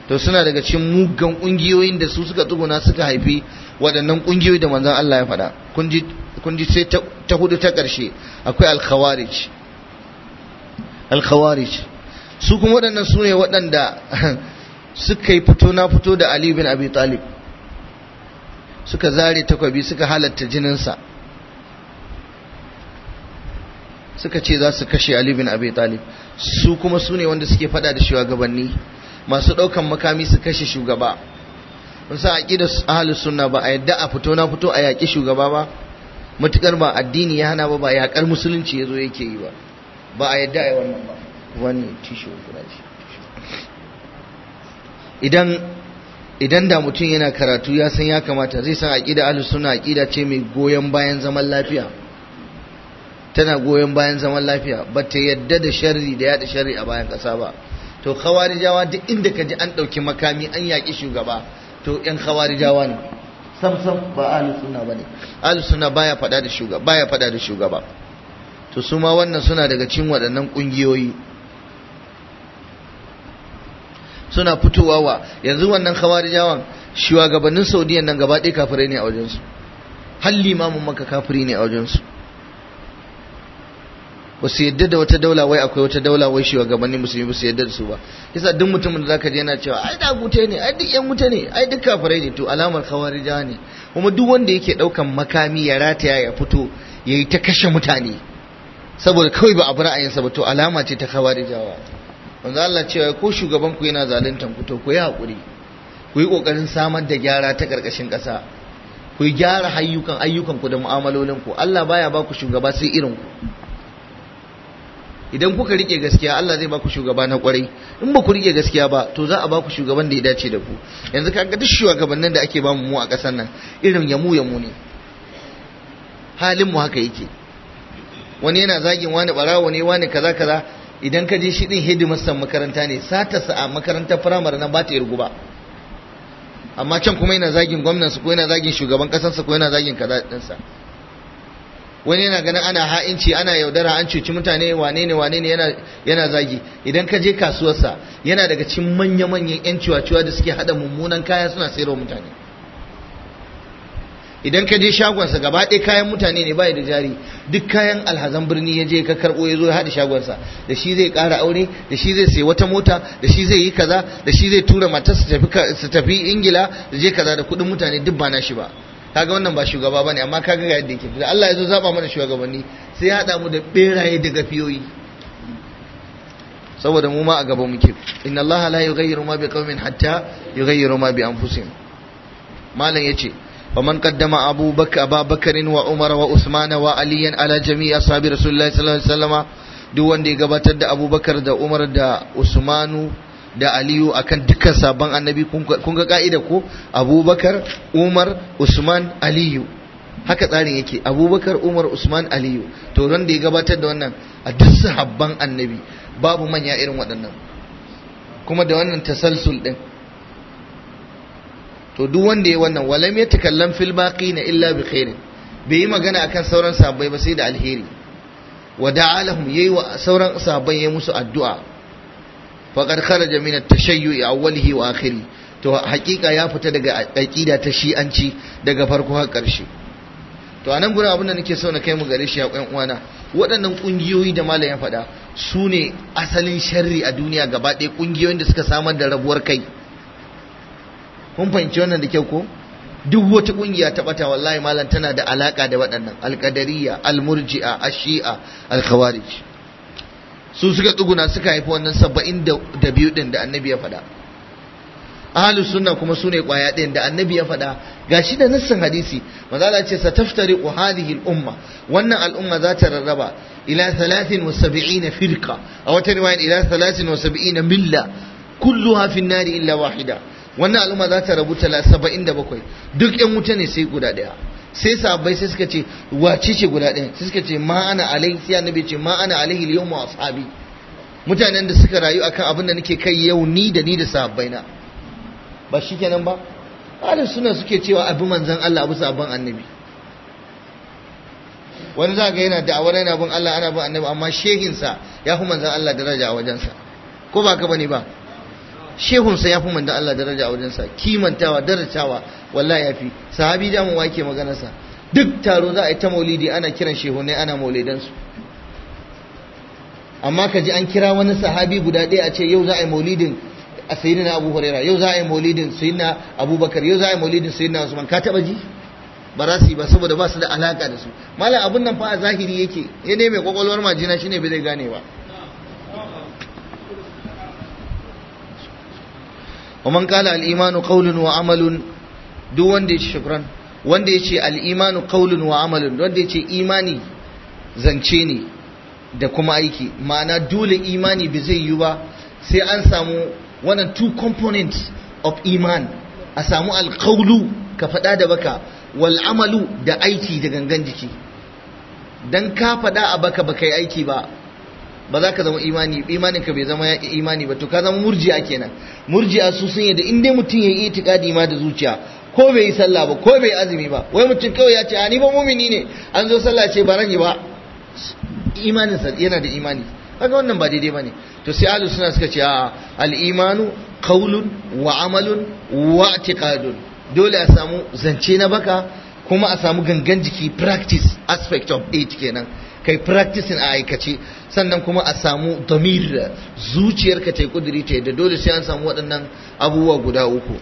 to suna daga cikin mugan ƙungiyoyin da su suka tsuguna suka haifi waɗannan ƙungiyoyi da manzon Allah ya faɗa kun ji sai ta hudu ta ƙarshe akwai al-khawarij al-khawarij su kuma waɗannan su ne waɗanda suka yi fito na fito da Ali bin Abi Talib suka zare takwabi suka halatta jininsa suka ce za su kashe Ali bin Abi Talib su kuma su ne wanda suke fada da shugabanni masu ɗaukan makami su kashe shugaba mun san da ahlus sunna ba a yadda a fito na fito a yaƙi shugaba ba Matukar ba addini ya hana ba ba yaƙar musulunci ya zo yake yi ba ba a yadda a yi wannan ba wani tishu guda shi idan idan da mutum yana karatu ya san ya kamata zai san aqida al sunna aqida ce mai goyon bayan zaman lafiya tana goyon bayan zaman lafiya ba ta yadda da sharri da yada sharri a bayan kasa ba to khawarijawa duk inda kaji an ɗauki makami an yaƙi shugaba to ƴan khawarijawa ne sam sam ba al sunna bane al sunna baya faɗa da shugaba baya fada da shugaba to su ma wannan suna daga cikin waɗannan ƙungiyoyi suna fitowa wa yanzu wannan khawarijawan shugabannin saudiyan nan gaba ɗaya kafirai ne a wajensu har limamin maka kafiri ne a wajensu ba su yadda da wata daula wai akwai wata daula wai shugabannin musulmi ba su yadda da su ba yasa duk mutumin da zaka je yana cewa ai da gute ne ai duk yan wuta ne ai duk kafirai ne to alamar khawarija ne kuma duk wanda yake daukan makami ya rataya ya fito yayi ta kashe mutane saboda kawai ba a ra'ayinsa ba to alama ce ta khawarijawa manzo Allah cewa ko shugaban ku yana zaluntan ku to ku yi hakuri ku yi kokarin samar da gyara ta karkashin kasa ku yi gyara ayyukan ayyukan ku da mu'amalolin ku Allah baya ba shugaba sai irin ku idan kuka rike gaskiya Allah zai baku ku shugaba na kwarai in ba ku rike gaskiya ba to za a ba ku shugaban da ya dace da ku yanzu ka kaga duk shugabannin da ake bamu mu a kasar nan irin yamu yamu ne halin mu haka yake wani yana zagin wani barawo ne wani kaza kaza idan ka je shiɗin din hidimarsan makaranta ne sata sa a makarantar firamare nan ba ta yi ba amma can kuma yana zagin su, ko yana zagin shugaban kasansa ko yana zagin kaza dinsa wani yana ganin ana ha'inci ana yaudara an cuci mutane wane ne wane ne yana zagi idan ka je kasuwarsa yana daga cikin manya-manyan 'yan ciwa-ciwa da suke hada mummunan kaya suna sayarwa mutane idan ka je shagonsa gaba ɗaya kayan mutane ne bai da jari duk kayan alhazan birni ya je ka karɓo ya zo ya haɗa shagonsa da shi zai ƙara aure da shi zai sai wata mota da shi zai yi kaza da shi zai tura matar su tafi ingila da je kaza da kuɗin mutane duk ba na shi ba kaga wannan ba shugaba bane amma kaga ga yadda yake da Allah ya zo zaba mana shugabanni sai ya haɗa mu da beraye daga fiyoyi saboda mu ma a gaba muke inna Allah la yughayyiru ma qaumin hatta yughayyiru ma bi anfusihim malam yace ومن قدم أبو بكر أبا بكر وعمر وعثمان وعليا على جميع أصحاب رسول الله صلى الله عليه وسلم duk wanda ya gabatar da abubakar da umar da usmanu da aliyu akan dukkan sabon annabi kun ka'ida ko abubakar umar usman aliyu haka tsarin yake abubakar umar usman aliyu to wanda ya gabatar da wannan a duk sahabban annabi babu manya irin waɗannan kuma da wannan tasalsul ɗin to duk wanda ya wannan walam takallam fil baqina illa bi khairin bai yi magana akan sauran sahabbai ba sai da alheri wa da'a lahum yayi wa sauran sahabbai ya musu addu'a faqad kharaja min at-tashayyu'i awwalihi wa akhiri to hakika ya fita daga aqida ta shi'anci daga farko har karshe to anan gura abin da nake so na kai mu gare shi ya ƙwan uwana waɗannan ƙungiyoyi da malam ya faɗa su ne asalin sharri a duniya gaba ɗaya ƙungiyoyin da suka samar da rabuwar kai kun fahimci wannan da kyau ko duk wata kungiya ta bata wallahi malam tana da alaka da waɗannan alƙadariya almurji'a ashi'a alkhawarij su suka tsuguna suka haifi wannan saba'in da biyu ɗin da annabi ya faɗa ahlu sunna kuma su ne ƙwaya ɗin da annabi ya faɗa gashi da nassin hadisi maza manzala ce sataftariqu hadhihi al-umma wannan al'umma za ta rarraba ila 73 firqa a wata riwaya ila 73 milla kulluha fi an-nari illa wahida wannan al'umma za ta rabu ta saba'in da bakwai duk yan wuta ne sai guda ɗaya sai sahabbai sai suka ce wace ce guda ɗaya sai suka ce ma ana alaihi sai annabi ce ma ana alaihi yawmu ashabi mutanen da suka rayu akan abin da nake kai yau ni da ni da sahabbai na ba shi kenan ba ahlus suna suke cewa abu manzan Allah abu sabon annabi wani za ga yana da'awar yana bin Allah ana bin annabi amma shehinsa ya fi manzan Allah daraja a wajensa ko ba ka bane ba shehunsa ya fi manta Allah daraja a wajensa kimantawa darajawa wallahi ya fi sahabi da mu wake maganarsa duk taro za a yi ta maulidi ana kiran shehunai ana maulidansu amma ka ji an kira wani sahabi guda ɗaya a ce yau za a yi maulidin a sayyidina abu huraira yau za a yi maulidin sayyidina abubakar yau za a yi maulidin sayyidina usman ka taba ji ba za su yi ba saboda ba su da alaka da su malam abun nan fa a zahiri yake ya ne mai kwakwalwar majina shine bai zai gane ba wa man qala al imanu wa amalun duk wanda ya ce shukran wanda ya al imanu qawlun wa amalun wanda ya imani zance ne da kuma aiki ma'ana dole imani ba zai yi ba sai an samu wannan two components of iman a samu alkaulu ka faɗa da baka wal amalu da aiki da gangan jiki dan ka faɗa a baka baka yi aiki ba ba za ka zama imani imanin ka bai zama imani ba to ka zama murjiya kenan murji'a su sun yadda in dai mutum ya yi itikadi ma da zuciya ko bai yi sallah ba ko bai azumi ba wai mutum kawai ya ce ni ba mumini ne an zo sallah ce baran yi ba imanin sa yana da imani kaga wannan ba daidai bane to sai alu suna suka ce a al imanu qaulun wa amalun wa i'tiqadun dole a samu zance na baka kuma a samu gangan jiki practice aspect of it kenan kai practicing a aikace sannan kuma a samu damir zuciyarka ta yi kudiri ta yadda dole sai an samu waɗannan abubuwa guda uku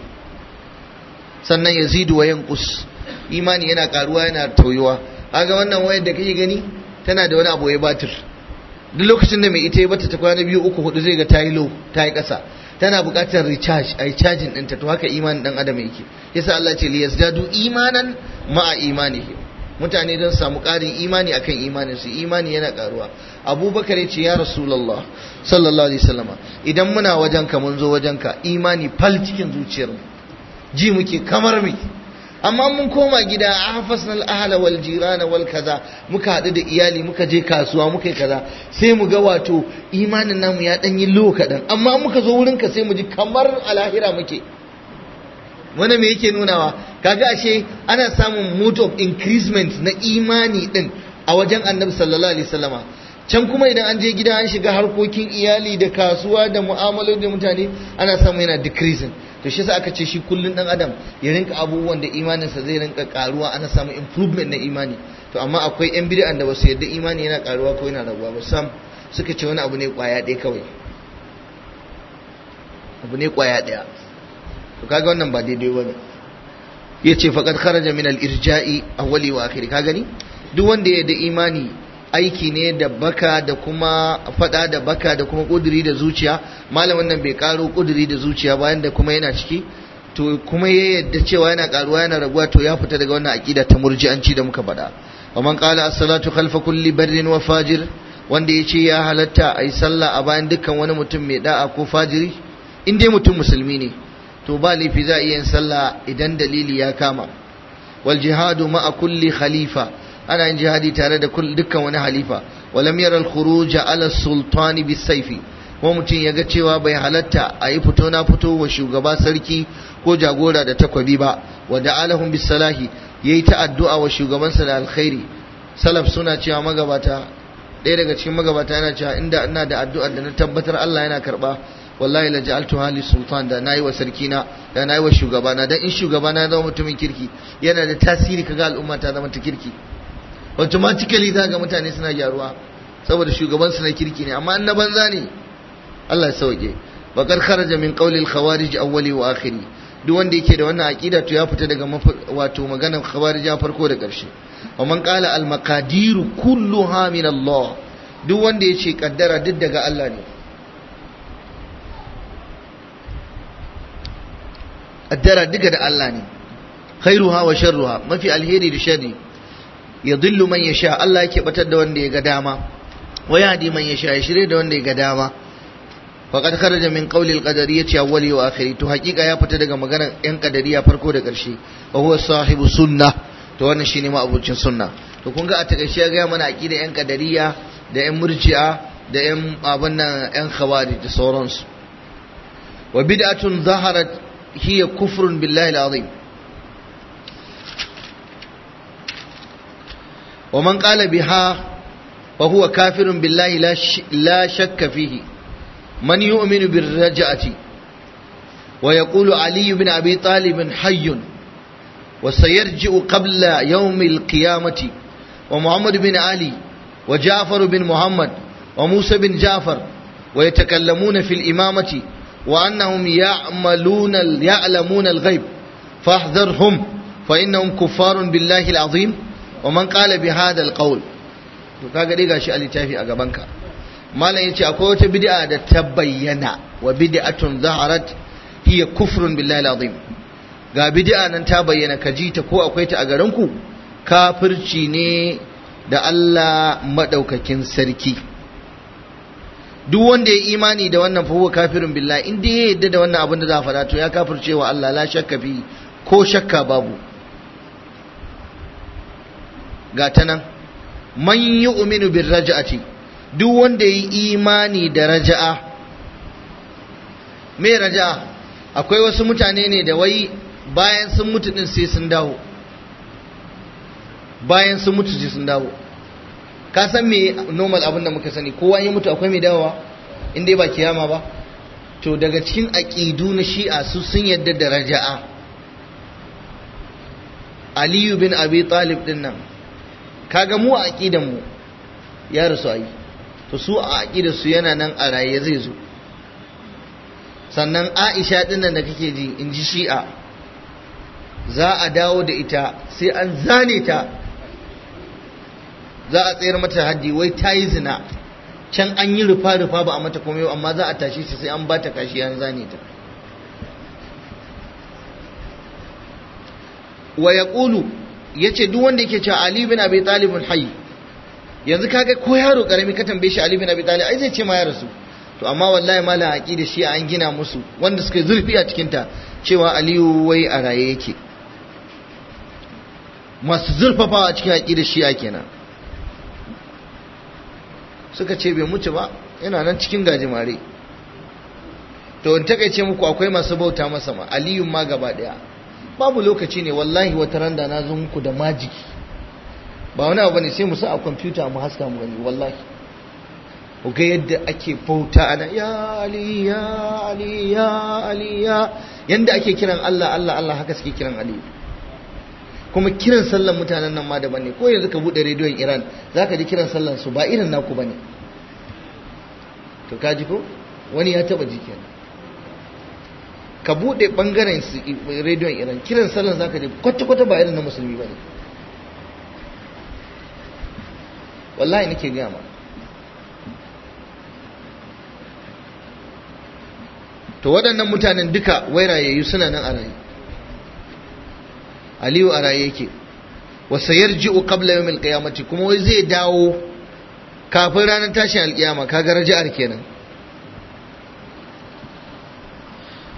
sannan ya zidu wa yankus imani yana karuwa yana a kaga wannan wayar da kake gani tana da wani abu ya batir duk lokacin da mai ita ya bata ta kwana biyu uku hudu zai ga tayi low ta yi ƙasa tana buƙatar recharge ai charging ɗinta to haka imanin dan adam yake yasa Allah ce li yazdadu imanan ma'a imanihim mutane don samu ƙarin imani akan imanin su imani yana ƙaruwa abubakar ya ce ya rasulallah sallallahu alaihi wasallama idan muna wajenka mun zo wajenka imani fal cikin zuciyar mu ji muke kamar mu. amma mun koma gida a hafasnal ahla wal jirana wal kaza muka haɗu da iyali muka je kasuwa muka yi kaza sai mu ga wato imanin namu ya ɗan yi lo kaɗan amma muka zo wurinka sai mu ji kamar alahira muke wani me yake nunawa kaga ashe ana samun mood of increasement na imani din a wajen annabi sallallahu alaihi wasallama can kuma idan an je gida an shiga harkokin iyali da kasuwa da mu'amalar da mutane ana samun yana decreasing to shi yasa aka ce shi kullun dan adam ya rinka abubuwan da imaninsa zai rinka karuwa ana samun improvement na imani to amma akwai yan bid'an da basu yarda imani yana karuwa ko yana raguwa ba sam suka ce wani abu ne kwaya ɗaya kawai abu ne kwaya ɗaya to kaga wannan ba daidai bane yace faqad kharaja min al-irja'i awwali wa akhiri ka gani duk wanda ya da imani aiki ne da baka da kuma fada da baka da kuma kuduri da zuciya malamin wannan bai karo kuduri da zuciya bayan da kuma yana ciki to kuma ya yadda cewa yana karuwa yana raguwa to ya fita daga wannan aƙida ta murji'anci da muka faɗa wa man qala as-salatu khalfa kulli barrin wa fajir wanda ya ce ya halatta a yi sallah a bayan dukkan wani mutum mai da'a ko fajiri in dai mutum musulmi ne to ba laifi za a iya yin sallah idan dalili ya kama wal jihadu ma'a kulli khalifa ana yin jihadi tare da dukkan wani halifa walam yara al-khuruj ala sultani bisayfi ko mutum ya ga cewa bai halatta a yi fito na fito wa shugaba sarki ko jagora da takwabi ba wa da'alahum bisalahi yayi ta addu'a wa shugabansa da alkhairi salaf suna cewa magabata ɗaya daga cikin magabata yana cewa inda ina da addu'ar da na tabbatar Allah yana karba wallahi la ja'altu hali sultan da nayi wa sarkina da nayi wa shugabana da in shugabana ya zama mutumin kirki yana da tasiri kaga al'umma ta zama ta kirki automatically za ga mutane suna gyaruwa saboda shugaban su na kirki ne amma na banza ne Allah ya sauke bakar kharaja min qawli al-khawarij awwali wa akhiri duk wanda yake da wannan aqida to ya fita daga wato maganar khawarija farko da karshe wa man qala al-maqadiru kulluha min Allah duk wanda yace kaddara duk daga Allah ne kaddara duka da Allah ne khairuha wa sharruha mafi alheri da sharri dillu man yasha Allah yake batar da wanda ya ga dama wa yahdi man yasha ya shirye da wanda ya ga dama faqad kharaja min qawli al-qadariyyati awwali wa akhiri to hakika ya fita daga maganar yan qadariya farko da karshe wa huwa sahibu sunnah to wannan shine ma abucin sunna to kun ga a takaice ya ga mana aqida yan qadariya da yan murji'a da yan abun nan yan khawarij da sauransu wa bid'atun zaharat هي كفر بالله العظيم ومن قال بها فهو كافر بالله لا شك فيه من يؤمن بالرجعة ويقول علي بن أبي طالب حي وسيرجع قبل يوم القيامة ومحمد بن علي وجعفر بن محمد وموسى بن جعفر ويتكلمون في الإمامة wa annahum ya'maluna ya'lamuna al-ghaib fahdharhum fa innahum kuffarun billahi al-azim wa man qala bi hadha al-qawl to kaga dai gashi a littafi a gaban ka malam yace akwai wata bid'a da ta bayyana wa bid'atun zaharat hiya kufrun billahi al-azim ga bid'a nan ta bayyana ka ji ta ko akwai ta a garin ku kafirci ne da Allah madaukakin sarki duk wanda ya imani da wannan fa huwa kafirun billah in dai ya yadda da wannan abin da za a faɗa to ya kafir cewa Allah la shakka fi ko shakka babu ga ta nan man yu'minu bir raj'ati duk wanda ya imani da raja'a me raja'a akwai wasu mutane ne da wai bayan sun mutu din sai sun dawo bayan sun mutu sai sun dawo ka san me normal abin da muka sani kowa ya mutu akwai mai dawowa in dai ba kiyama ba to daga cikin aqidu na shi'a su sun yadda da raja'a aliyu bin abi talib din nan kaga mu a aqidan mu ya rasu ayi to su a aqidar su yana nan a raye zai zo sannan aisha din nan da kake ji in ji shi'a za a dawo da ita sai an zane ta za a tsayar mata haddi wai ta yi zina can an yi rufa rufa ba a mata komai amma za a tashi sai an ba ta kashi an zane ta wa ya ce duk wanda yake cewa ali bin abi talib yanzu kaga ko yaro karami ka tambaye shi ali bin abi talib ai zai ce ma ya rasu to amma wallahi malam da shi an gina musu wanda suka zurfi a cikin ta cewa aliyu wai a raye yake masu zurfafawa a cikin da shi kenan suka ce bai mutu ba yana nan cikin gajimare to in ta takaice muku akwai masu bauta masa ma aliyun ma gaba daya babu lokaci ne wallahi wata randa na zo muku da majiki ba wani abu ne sai mu sa a kwamfuta mu haska mu gani wallahi ku ga yadda ake bauta ana ya ali ya ali ya ali ya yanda ake kiran Allah Allah Allah haka suke kiran aliyu kuma kiran sallan mutanen nan ma daban ne ko yanzu ka bude rediyon Iran zaka ji kiran sallan su ba irin naku bane to ka ji ko wani ya taba ji kenan ka bude bangaren su rediyon Iran kiran sallan zaka ji kwata kwata ba irin na musulmi bane wallahi nake ga ma to waɗannan mutanen duka wairayayyu suna nan a rayu aliyu a raye yake wa kabla yau mil qiyamati kuma wai zai dawo kafin ranar tashin alkiyama kaga raja'ar kenan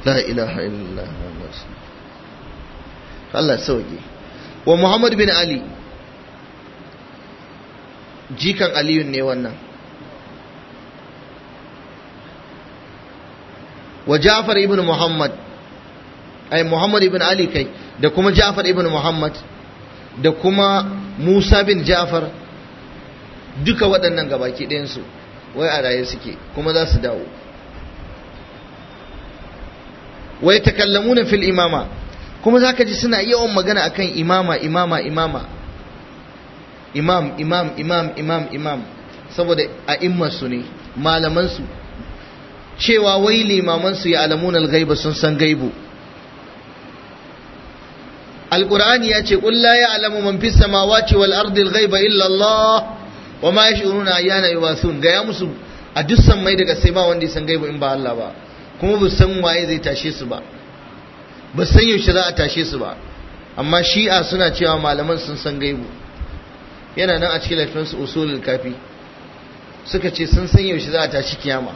la ilaha illallah Allah sauke wa Muhammad bin Ali jikan Aliyun ne wannan wa Ja'far ibn Muhammad ay Muhammad ibn Ali kai da kuma Ja'far ibn Muhammad da kuma Musa bin Ja'far duka waɗannan gabaki ɗayansu wai a raye suke kuma za su dawo wai takallamuna fil imama kuma za ka ji suna yawan magana akan imama imama imama imam imam imam imam imam saboda a immarsu ne malamansu cewa wai limamansu ya alamun gaiba sun san gaibu alqur'ani ya ce ƙulla ya alamu man fis samawati wal ardi al ghaiba illa wa ma yash'uruna ayyana yubasun ga ya musu a duk mai daga sai ba wanda ya san gaibu in ba Allah ba kuma ba san waye zai tashe su ba ba san yaushe za a tashe su ba amma shi'a suna cewa malaman sun san gaibu yana nan a cikin lafiyansu usulul kafi suka ce sun san yaushe za a tashi kiyama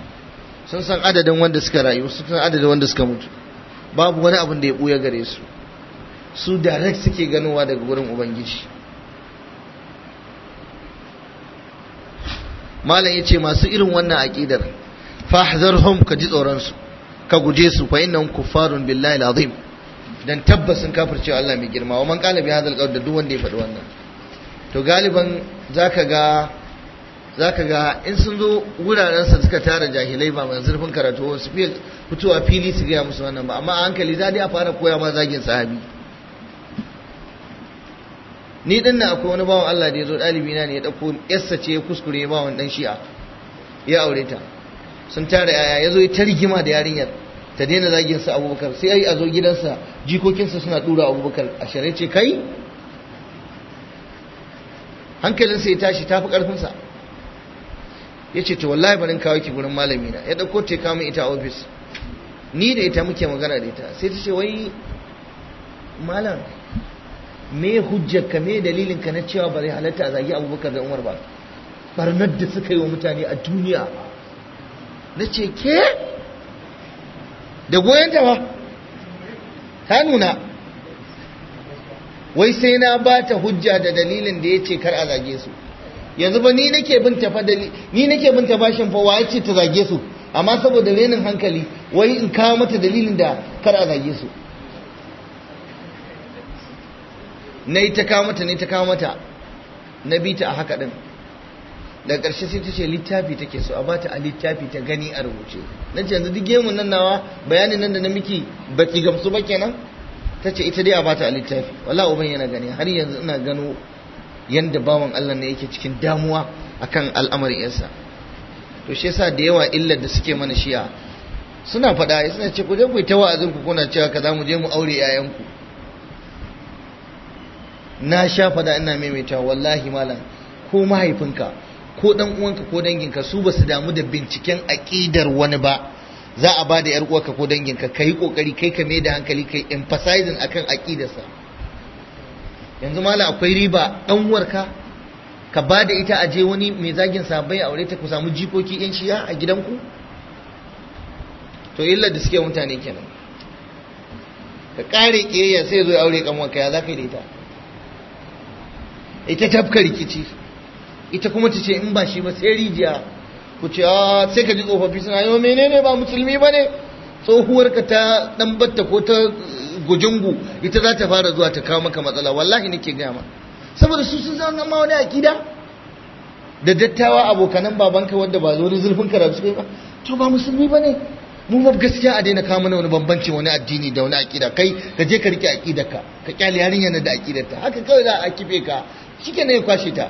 sun san adadin wanda suka rayu sun san adadin wanda suka mutu babu wani abin da ya buya gare su su direct suke ganowa daga wurin ubangiji malam ya ce masu irin wannan aqidar fahzarhum ka ji tsoron su ka guje su fa innahum kuffarun billahi alazim dan tabbasin kafircewa Allah mai girma wa man qala bi hadal qawl da duk wanda ya faɗi wannan to galiban zaka ga zaka ga in sun zo wuraren sa suka tara jahilai ba mai zurfin karatu su fiye fitowa fili su ga musu wannan ba amma a hankali za a fara koya ma zagin sahabi ni din na akwai wani bawan Allah da ya zo ɗalibi na ne ya ɗauko yarsa ce ya kuskure bawan ɗan shi'a ya aure ta sun tara yaya ya zo ya ta rigima da yarinyar ta daina zagin sa abubakar sai ai a zo gidansa jikokinsa suna ɗura abubakar a shari'a ce kai hankalinsa ya tashi tafi ƙarfinsa ya ce to wallahi barin kawo ki gurin malami na ya ɗauko ta kawo ita a ofis ni da ita muke magana da ita sai ta ce wai malam me ka me dalilinka na cewa ba zai halatta a zagi abubakar da umar ba barnar da suka yi wa mutane a duniya na ce ke da goyon ba ta nuna wai sai na ba ta hujja da dalilin da ya ce kar a zage su yanzu ba ni nake bin ta ni nake bin ta bashin fa wa ce ta zage su amma saboda renin hankali wai in kawo mata dalilin da kar a zage su na yi ta kamata na yi ta kamata na bi ta a haka ɗin daga ƙarshe sai ta ce littafi take so a bata a littafi ta gani a rubuce na ce yanzu duk gemun nan nawa bayanin nan da na miki baki gamsu ba kenan ta ce ita dai a bata a littafi wala uban yana gani har yanzu ina gano yanda bawan Allah ne yake cikin damuwa akan al'amarin yansa to shi yasa da yawa illar da suke mana shiya suna faɗa suna ce ku je ku yi ta wa'azin ku kuna cewa kaza mu je mu aure 'ya'yanku na sha fada ina maimaita wallahi malam ko mahaifinka ko dan uwanka ko danginka su basu damu da binciken aqidar wani ba za a ba da yar uwarka ko danginka kai kokari kai ka da hankali kai emphasizing akan aqidarsa yanzu malam akwai riba dan uwarka ka ba da ita aje wani mai zagin sabai a aure ta ku samu jikoki yan shiya a gidanku to illa da suke mutane kenan ka kare kiyayya sai zo aure ka ya za ka yi da ita ita tafka rikici ita kuma ta ce in ba shi ba sai rijiya ku ce a ah, sai ka ji tsofaffi suna yau menene ba musulmi ba ne tsohuwarka ta ɗanbatta ko ta gujungu ita za ta fara zuwa ta kawo maka matsala wallahi nake gaya ma saboda su sun zama ma wani akida da dattawa abokanan babanka wanda ba zo ne zurfin karatu suka yi ba to ba musulmi ba ne mu ba gaskiya a daina kawo mana wani bambanci wani addini da wani akida kai ka je ka rike akidarka ka kyale yarinya da akidarta haka kawai za a kife ka shike ne ya kwashe ta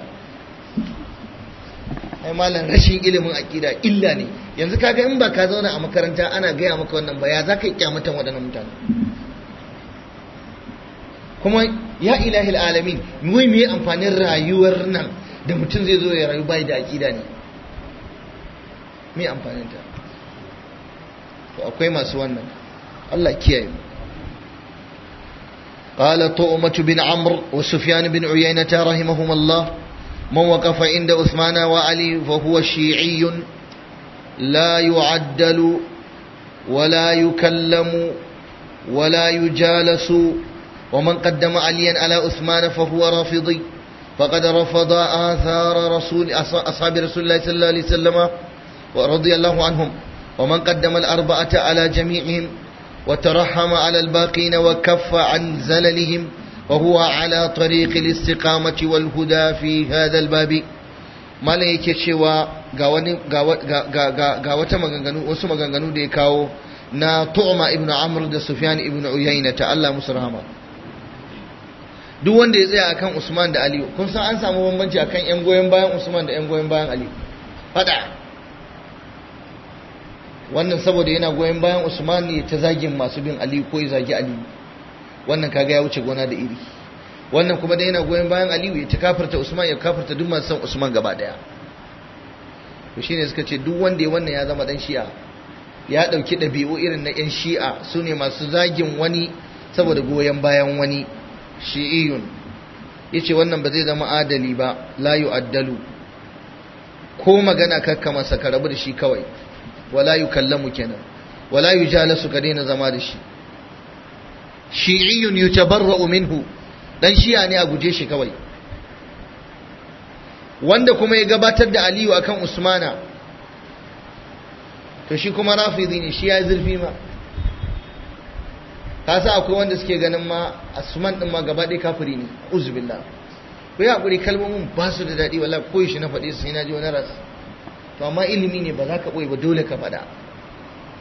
ai malam rashin ilimin akida illa ne yanzu kaga in ba ka zauna a makaranta ana gaya maka wannan ba ya za ka yi kyamatan waɗannan mutane kuma ya ilahil alamin wai mai amfanin rayuwar nan da mutum zai zo ya rayu bai da akida ne mai amfanin ta to akwai masu wannan Allah kiyaye قال طؤمة بن عمرو وسفيان بن عيينة رحمهما الله من وقف عند عثمان وعلي فهو شيعي لا يعدل ولا يكلم ولا يجالس ومن قدم عليا على عثمان فهو رافضي فقد رفض آثار رسول أصحاب رسول الله صلى الله عليه وسلم ورضي الله عنهم ومن قدم الأربعة على جميعهم Wata rahama, alal وكف na زللهم وهو على طريق الاستقامة والهدى في هذا الباب malam yake cewa ga wani ga wasu maganganu da ya kawo na tu'ma ibn amr da sufyan ibn uyayna ta Allah musu rahama duk wanda ya tsaya akan usman da aliyu kun san an samu bambanci akan yan goyen bayan usman da yan goyen bayan aliyu fada wannan saboda yana goyon bayan usman ne ta zagin masu bin ali ko ya zagi ali wannan kaga ya wuce gona da iri wannan kuma da yana goyon bayan aliyu ya ta kafarta usman ya kafarta duk masu san usman gaba daya to shine suka ce duk wanda ya wannan ya zama dan shi'a ya dauki dabi'u irin na yan shi'a su ne masu zagin wani saboda goyon bayan wani shi'iyun yace wannan ba zai zama adali ba la yu'addalu ko magana kakka masa ka rabu da shi kawai wala yukallamu kenan wala yujalasu ka daina zama da shi shi'iyyun yutabarra'u minhu dan shi'a ne a guje shi kawai wanda kuma ya gabatar da Aliyu akan Usmana to shi kuma rafidi ne shi ya zurfi ma ka sa akwai wanda suke ganin ma asman din ma gaba ɗaya kafiri ne uzubillah ku yi haƙuri kalmomin ba su da daɗi wala koyi shi na faɗi su sai na ji wani rasu to amma ilimi ne ba za ka ɓoye ba dole ka faɗa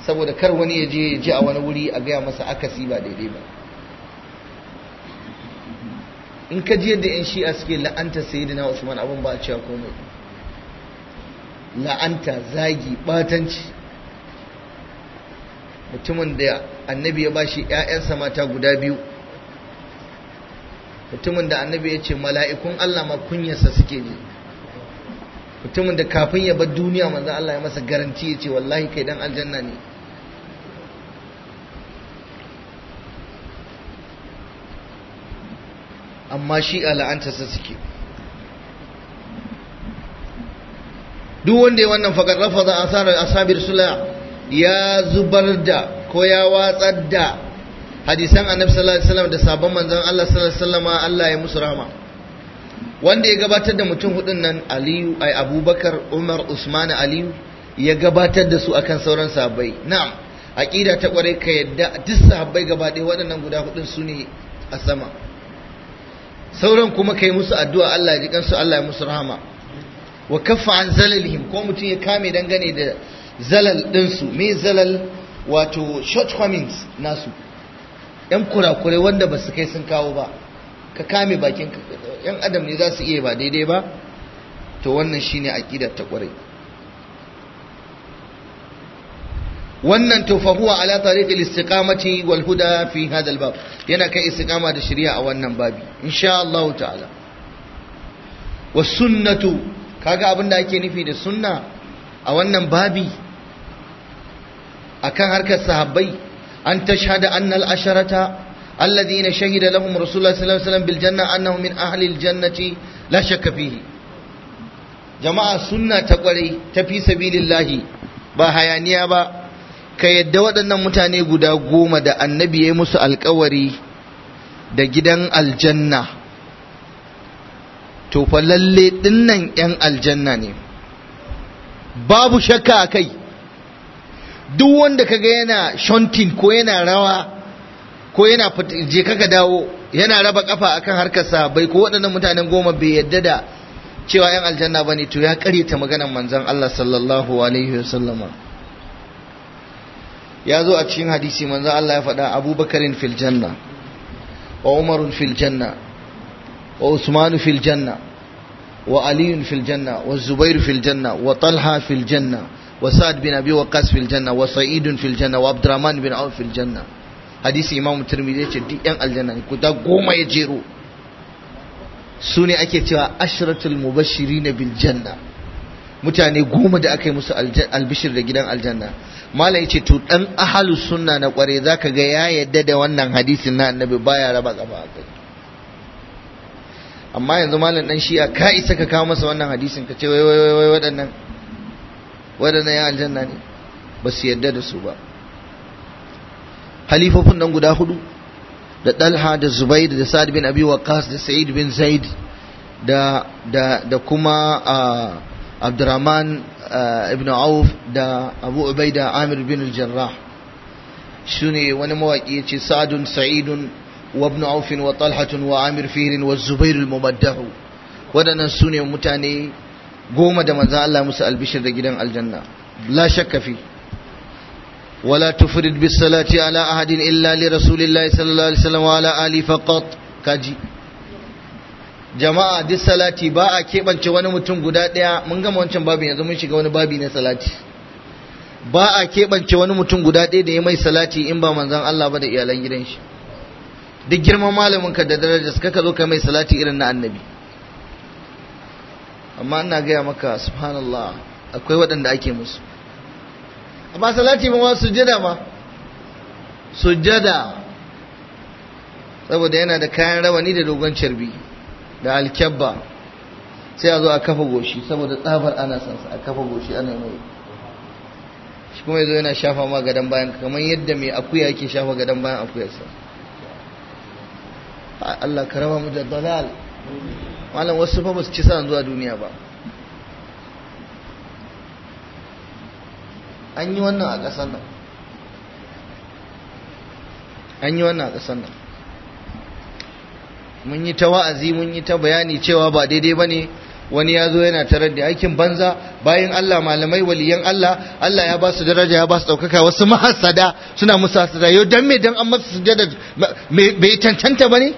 saboda kar wani ya je ya ji a wani wuri a gaya masa akasi ba daidai ba in ka ji yadda yan shi'a suke la'anta sayyidina usman abin ba a cewa komai la'anta zagi batanci mutumin da annabi ya bashi ƴaƴansa mata guda biyu mutumin da annabi ya ce mala'ikun Allah ma kunyarsa suke ji mutumin da kafin ya bar duniya manzo Allah ya masa garanti ya ce wallahi kai dan aljanna ne amma shi la'anta sa suke duk wanda ya wannan faƙar rafa za a asabir sulaya ya zubar da ko ya watsar da hadisan annabi sallallahu alaihi wasallam da sabon manzon Allah sallallahu alaihi wasallam Allah ya musu rahama wanda ya gabatar da mutum hudun nan aliyu ai abubakar umar usman aliyu ya gabatar da su akan sauran sahabbai na'am aqida ta kware ka yadda duk sahabbai gaba ɗaya waɗannan guda hudun su ne a sama sauran kuma kai musu addu'a Allah ya ji kansu Allah ya musu rahama wa kaffa an zalalihim ko mutum ya kame dangane da zalal su, me zalal wato shortcomings nasu ‘yan kurakure wanda ba su kai sun kawo ba ka kame bakinka yan adam ne za su iya ba daidai ba to wannan shine aqidar ta kwarai wannan to ala tariqil istiqamati wal huda fi hadha bab yana kai istiqama da shari'a a wannan babi insha Allah ta'ala was sunnatu kaga abinda ake nufi da sunna a wannan babi akan harkar sahabbai an tashhada annal asharata الذين شهد لهم رسول الله صلى الله عليه وسلم بالجنة أنه من أهل الجنة لا شك فيه جماعة سنة تقولي تفي سبيل الله بهيانيا با كيد waɗannan mutane guda goma da annabi ya musu alkawari da gidan aljanna to fa lalle dinnan yan aljanna ne babu shakka a kai duk wanda ka ga yana shantin ko yana rawa ko yana je kaka dawo yana raba kafa akan harkar bai ko waɗannan mutanen goma bai yadda da cewa yan aljanna bane to ya karyata maganar manzon Allah sallallahu alaihi wasallama ya zo a cikin hadisi manzon Allah ya faɗa abubakarin fil janna wa umarun fil janna wa usmanu fil janna wa aliyun fil janna wa zubairu fil janna wa talha fil janna wa sa'ad bin abi waqas fil janna wa sa'idun fil janna wa abdurrahman bin auf fil janna hadisi imamu turmidi ce duk yan aljanna guda goma ya jero su ne ake cewa ashratul mubashiri na biljanna mutane goma da aka yi musu albishir da gidan aljanna malam ce to dan ahalu sunna na kware zaka ga ya yadda da wannan hadisin na annabi baya raba gaba akai amma yanzu malam dan shi'a ka isa ka kawo masa wannan hadisin ka ce wai wai wai waɗannan waɗannan yan aljanna ne ba su yadda da su ba halifofin nan guda hudu da Dalha da Zubair da Sa'ad bin Abi waqas da Sa'id bin Zaid da da da kuma Abdurrahman ibn Auf da Abu Ubaida Amir bin al-Jarrah wani mawaki yace Sa'dun Sa'idun wa ibn Auf wa Talhatun wa Amir Fihr wa Zubair al-Mumaddah wadannan sune mutane goma da manzo Allah musu albishir da gidan aljanna la shakka fi ولا تفرد بالصلاة على أحد إلا لرسول الله صلى الله عليه وسلم وعلى آله فقط كاجي jama'a duk salati ba a keɓance wani mutum guda ɗaya mun gama wancan babin yanzu mun shiga wani babi salati ba a keɓance wani mutum guda ɗaya da ya mai salati in ba manzan Allah ba da iyalan gidan shi duk girman malamin ka da darajar ka ka zo ka mai salati irin na annabi amma ina gaya maka subhanallah akwai waɗanda ake musu amma salati ma sujjada ma sujjada saboda yana da kayan rawani da dogon carbi da alkyabba sai a zo a kafa goshi saboda tsabar ana sansa a kafa goshi ana mai shi kuma yazo yana shafa ma gadon bayan kamar yadda mai akuya yake shafa gadon bayan akuyarsa Allah ka raba mu da dalal malam wasu fa ba su ci san zuwa duniya ba an yi wannan a ƙasar nan an yi wannan a ƙasar nan mun yi ta wa'azi mun yi ta bayani cewa ba daidai ba ne wani ya zo yana tarar da aikin banza bayan Allah malamai waliyan Allah Allah ya ba su daraja ya ba su ɗaukaka wasu mahasada suna musu hasada yau dan me dan an su sujada bai cancanta ba ne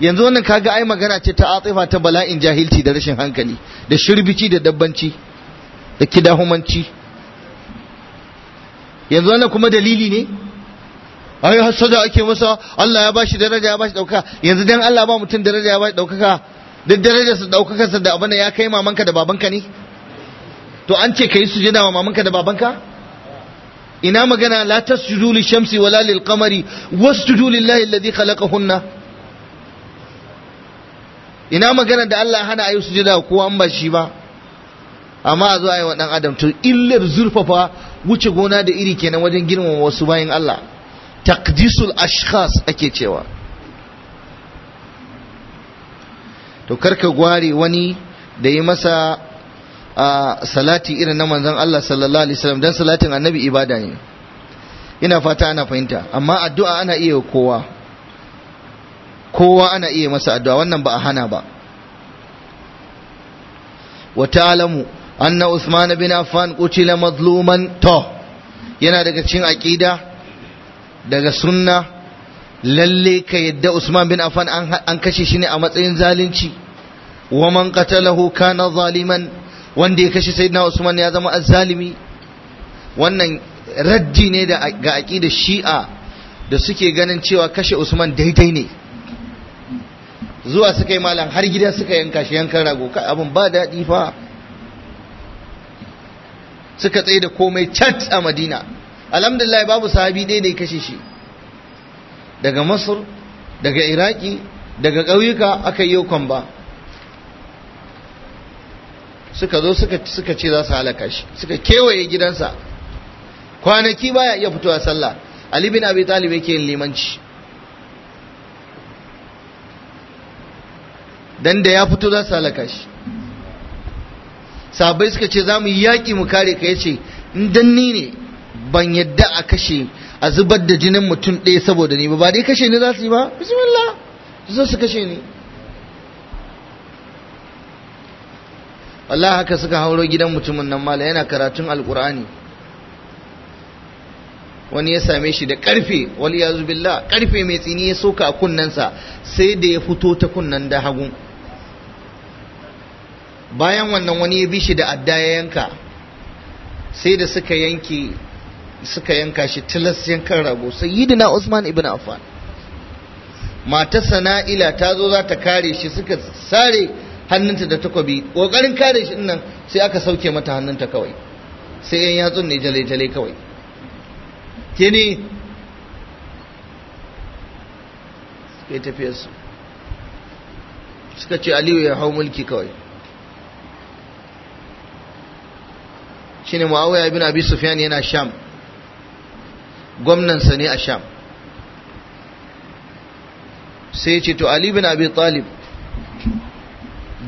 yanzu wannan kaga ai magana ce ta atsifa ta bala'in jahilci da rashin hankali da shirbici da dabbanci da kidahumanci yanzu wannan kuma dalili ne ai hasada ake masa Allah ya bashi daraja ya bashi dauka yanzu dan Allah ba mutum daraja ya bashi daukaka duk darajar su daukakar sa da abin ya kai mamanka da babanka ne to an ce kai sujuda wa mamanka da babanka ina magana la tasjudu li shamsi wala lil qamari wasjudu lillahi alladhi khalaqahunna ina magana da Allah hana ayi sujuda kowa an ba shi ba amma a zo ayi wa dan adam to illar zurfafa wuce gona da iri kenan wajen girmama wasu bayan Allah takdisul ashkhas ake cewa to karka gware wani da yi masa salati irin na manzon Allah sallallahu alaihi wasallam dan salatin annabi ibada ne ina fata ana fahimta amma addu'a ana iya kowa kowa ana iya masa addu'a wannan ba a hana ba wa ta'lamu anna Usman bin Affan qutila mazluman to yana daga cikin aqida daga sunna lalle ka yadda Usman bin Affan an kashe shi ne a matsayin zalunci wa man qatalahu kana zaliman wanda ya kashe sayyidina Usman ya zama azzalimi wannan raddi ne da ga aqida Shi'a da suke ganin cewa kashe Usman daidai ne zuwa suka yi malam har gida suka yanka shi yankan rago abin ba daɗi fa suka tsaye da komai cat a madina alhamdulillah babu sahabi ɗaya da ya kashe shi daga masar daga iraki daga ƙauyuka aka yi kwamba suka zo suka ce za su halaka shi suka kewaye gidansa kwanaki baya iya fitowa sallah ali bin abi talib yake yin limanci dan da ya fito za su halaka shi Sabai suka ce za mu yi yaƙi mu kare ka yace in dan ni ne ban yadda a kashe a zubar da jinin mutum ɗaya saboda ni ba ba dai kashe ni za su yi ba bismillah su kashe ni Allah haka suka hauro gidan mutumin nan mala yana karatun alkur'ani wani ya same shi da karfe wali ya billah karfe mai tsini ya soka a kunnensa sai da ya fito ta kunnen da hagun bayan wannan wani ya bi shi da adda ya yanka sai da suka yanki suka yanka shi tilas yankan rago Sai na Usman ibn Affan matarsa Na'ila ta zo za ta kare shi suka sare hannunta da takobi kokarin kare shi nan sai aka sauke mata hannunta kawai sai yan yatsun ne jale jale kawai kini suka yi tafiyarsu suka ce Aliyu ya hau mulki kawai shine muawiya bin abi sufyan yana sham gwamnan sa ne a sham sai ce to ali bin abi talib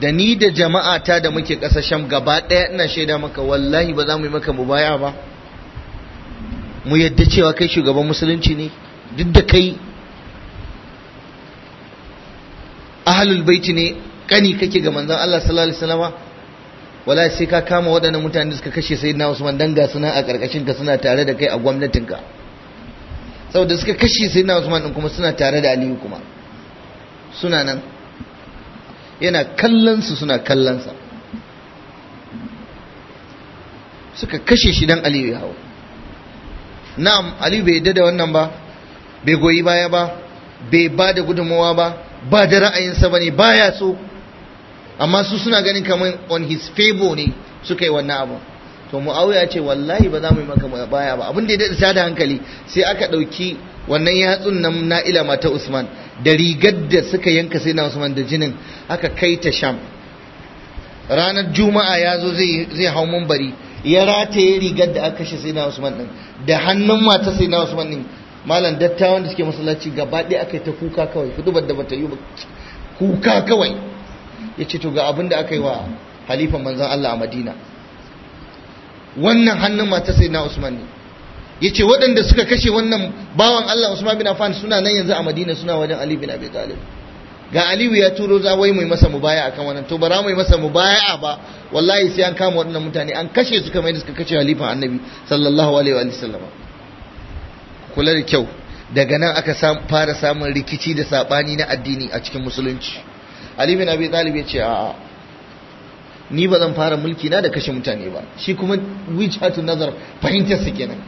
da ni da jama'ata da muke ƙasa sham gaba ɗaya ina shaida maka wallahi ba za mu yi maka mubaya ba mu yadda cewa kai shugaban musulunci ne duk da kai ahalul baiti ne kani kake ga manzon Allah sallallahu alaihi wala sai ka kama waɗannan mutane suka kashe sayyidina Usman dan ga suna a karkashin ka suna tare da kai a gwamnatin ka saboda suka kashe sayyidina Usman din kuma suna tare da Aliyu kuma suna nan yana kallon su suna kallon sa suka kashe shi dan Aliyu ya hawo na'am Aliyu bai yadda da wannan ba bai goyi baya ba bai ba da gudummawa ba ba da ra'ayinsa ba ne baya so amma su suna ganin kamar on his favor ne suka yi wannan abu to auya ce wallahi ba za mu yi maka baya ba abin da ya dace da hankali sai aka ɗauki wannan yatsun nan na'ila mata usman da rigar da suka yanka sai na usman da jinin aka kai ta sham ranar juma'a ya zo zai hau mumbari ya rataye rigar da aka kashe sai na usman din da hannun mata sai na usman din malam dattawan da suke masallaci gaba ɗaya aka yi ta kuka kawai hudubar da bata yi ba kuka kawai ya ce to ga abin da aka yi wa halifan manzan Allah a madina wannan hannun mata sai na usman ne ya ce waɗanda suka kashe wannan bawan Allah usman bin affan suna nan yanzu a madina suna wajen ali bin abi talib ga aliyu ya turo za wai mai masa mubaya akan wannan to bara mai masa mubaya ba wallahi sai an kama waɗannan mutane an kashe su kamar yadda suka kashe halifan annabi sallallahu alaihi wa sallam kula da kyau daga nan aka fara samun rikici da sabani na addini a cikin musulunci ali bin abi talib ya ce a'a ni ba zan fara mulki na da kashe mutane ba shi kuma wijhatun nazar fahimtar su kenan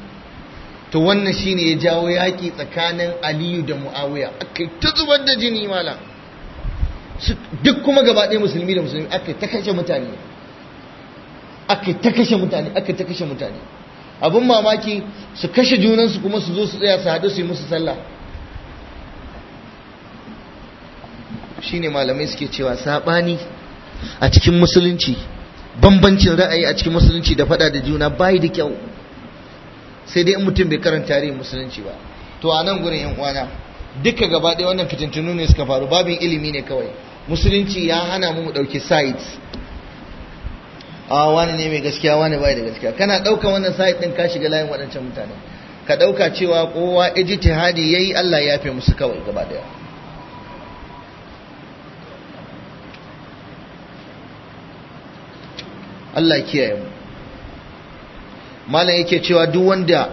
to wannan shine ya jawo yaki tsakanin aliyu da muawiya akai ta zubar da jini mala duk kuma gaba ɗaya musulmi da musulmi aka ta kashe mutane akai ta kashe mutane akai ta kashe mutane abin mamaki su kashe junansu kuma su zo su tsaya su haɗu su yi musu sallah shine malamai suke cewa sabani a cikin musulunci bambancin ra'ayi a cikin musulunci da fada da juna bai da kyau sai dai in mutum bai karanta tarihin musulunci ba to a nan gurin yan uwana duka gaba ɗaya wannan fitintunu ne suka faru babin ilimi ne kawai musulunci ya hana mu mu ɗauki sites a wani ne mai gaskiya wani bai da gaskiya kana ɗauka wannan site ɗin ka shiga layin waɗancan mutane ka ɗauka cewa kowa ijtihadi yayi Allah ya fi musu kawai gaba ɗaya Allah kiyaye mu malam yake cewa duk wanda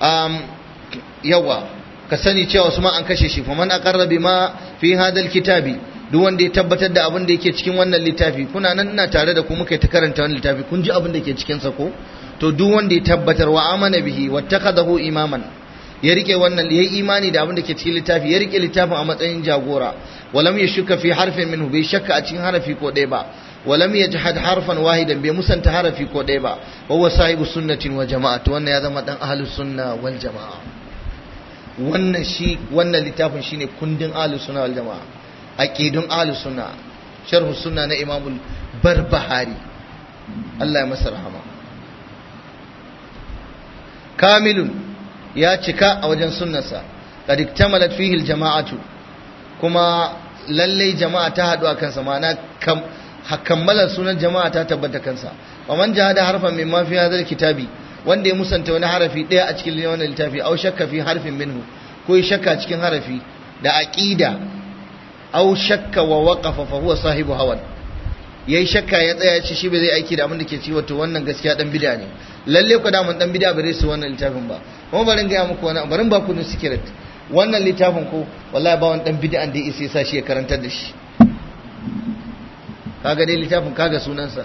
um, yawa ka sani cewa su ma an kashe shi fa man aqarra bima fi hadal kitabi duk wanda ya tabbatar da abin da yake cikin wannan littafi kuna nan ina tare da ku muka ta karanta wannan littafi kun ji abin da ke cikin sa ko to duk wanda ya tabbatar wa amana bihi wattakhadahu imaman ya rike wannan yayi imani da abin da ke cikin littafi ya rike littafin a matsayin jagora walam yashukka fi harfin minhu bai shakka a cikin harafi ko ɗaya ba ولم يجحد حرفا واحدا بمسنت حرفي ko ɗaya ba huwa sahibu sunnatin wa jama'a wannan ya zama dan ahlus sunna wal jama'a wannan shi wannan shine kundin ahlus sunna wal jama'a aqidun ahlus sunna sharh sunna na imam barbahari Allah ya masa rahama kamilun ya cika a wajen sunnarsa qad iktamalat fihi jama'atu kuma lallai jama'a ta haɗu a kansa ma'ana hakammalar sunan jama'a ta tabbata kansa wa man jahada harfan min ma fi kitabi wanda ya musanta wani harafi daya a cikin wannan littafi aw shakka fi harfin minhu ko ya shakka cikin harafi da aqida aw shakka wa waqafa fa huwa sahibu hawan yayi shakka ya tsaya ya ce shi ba zai aiki da abin da ke ci wato wannan gaskiya dan bid'a ne lalle ku da mun dan bid'a bare su wannan littafin ba kuma barin ga muku wani barin ba ku ne sikirat wannan littafin ko wallahi ba wani dan bid'a da ya isa shi ya karantar da shi kaga dai littafin kaga sunansa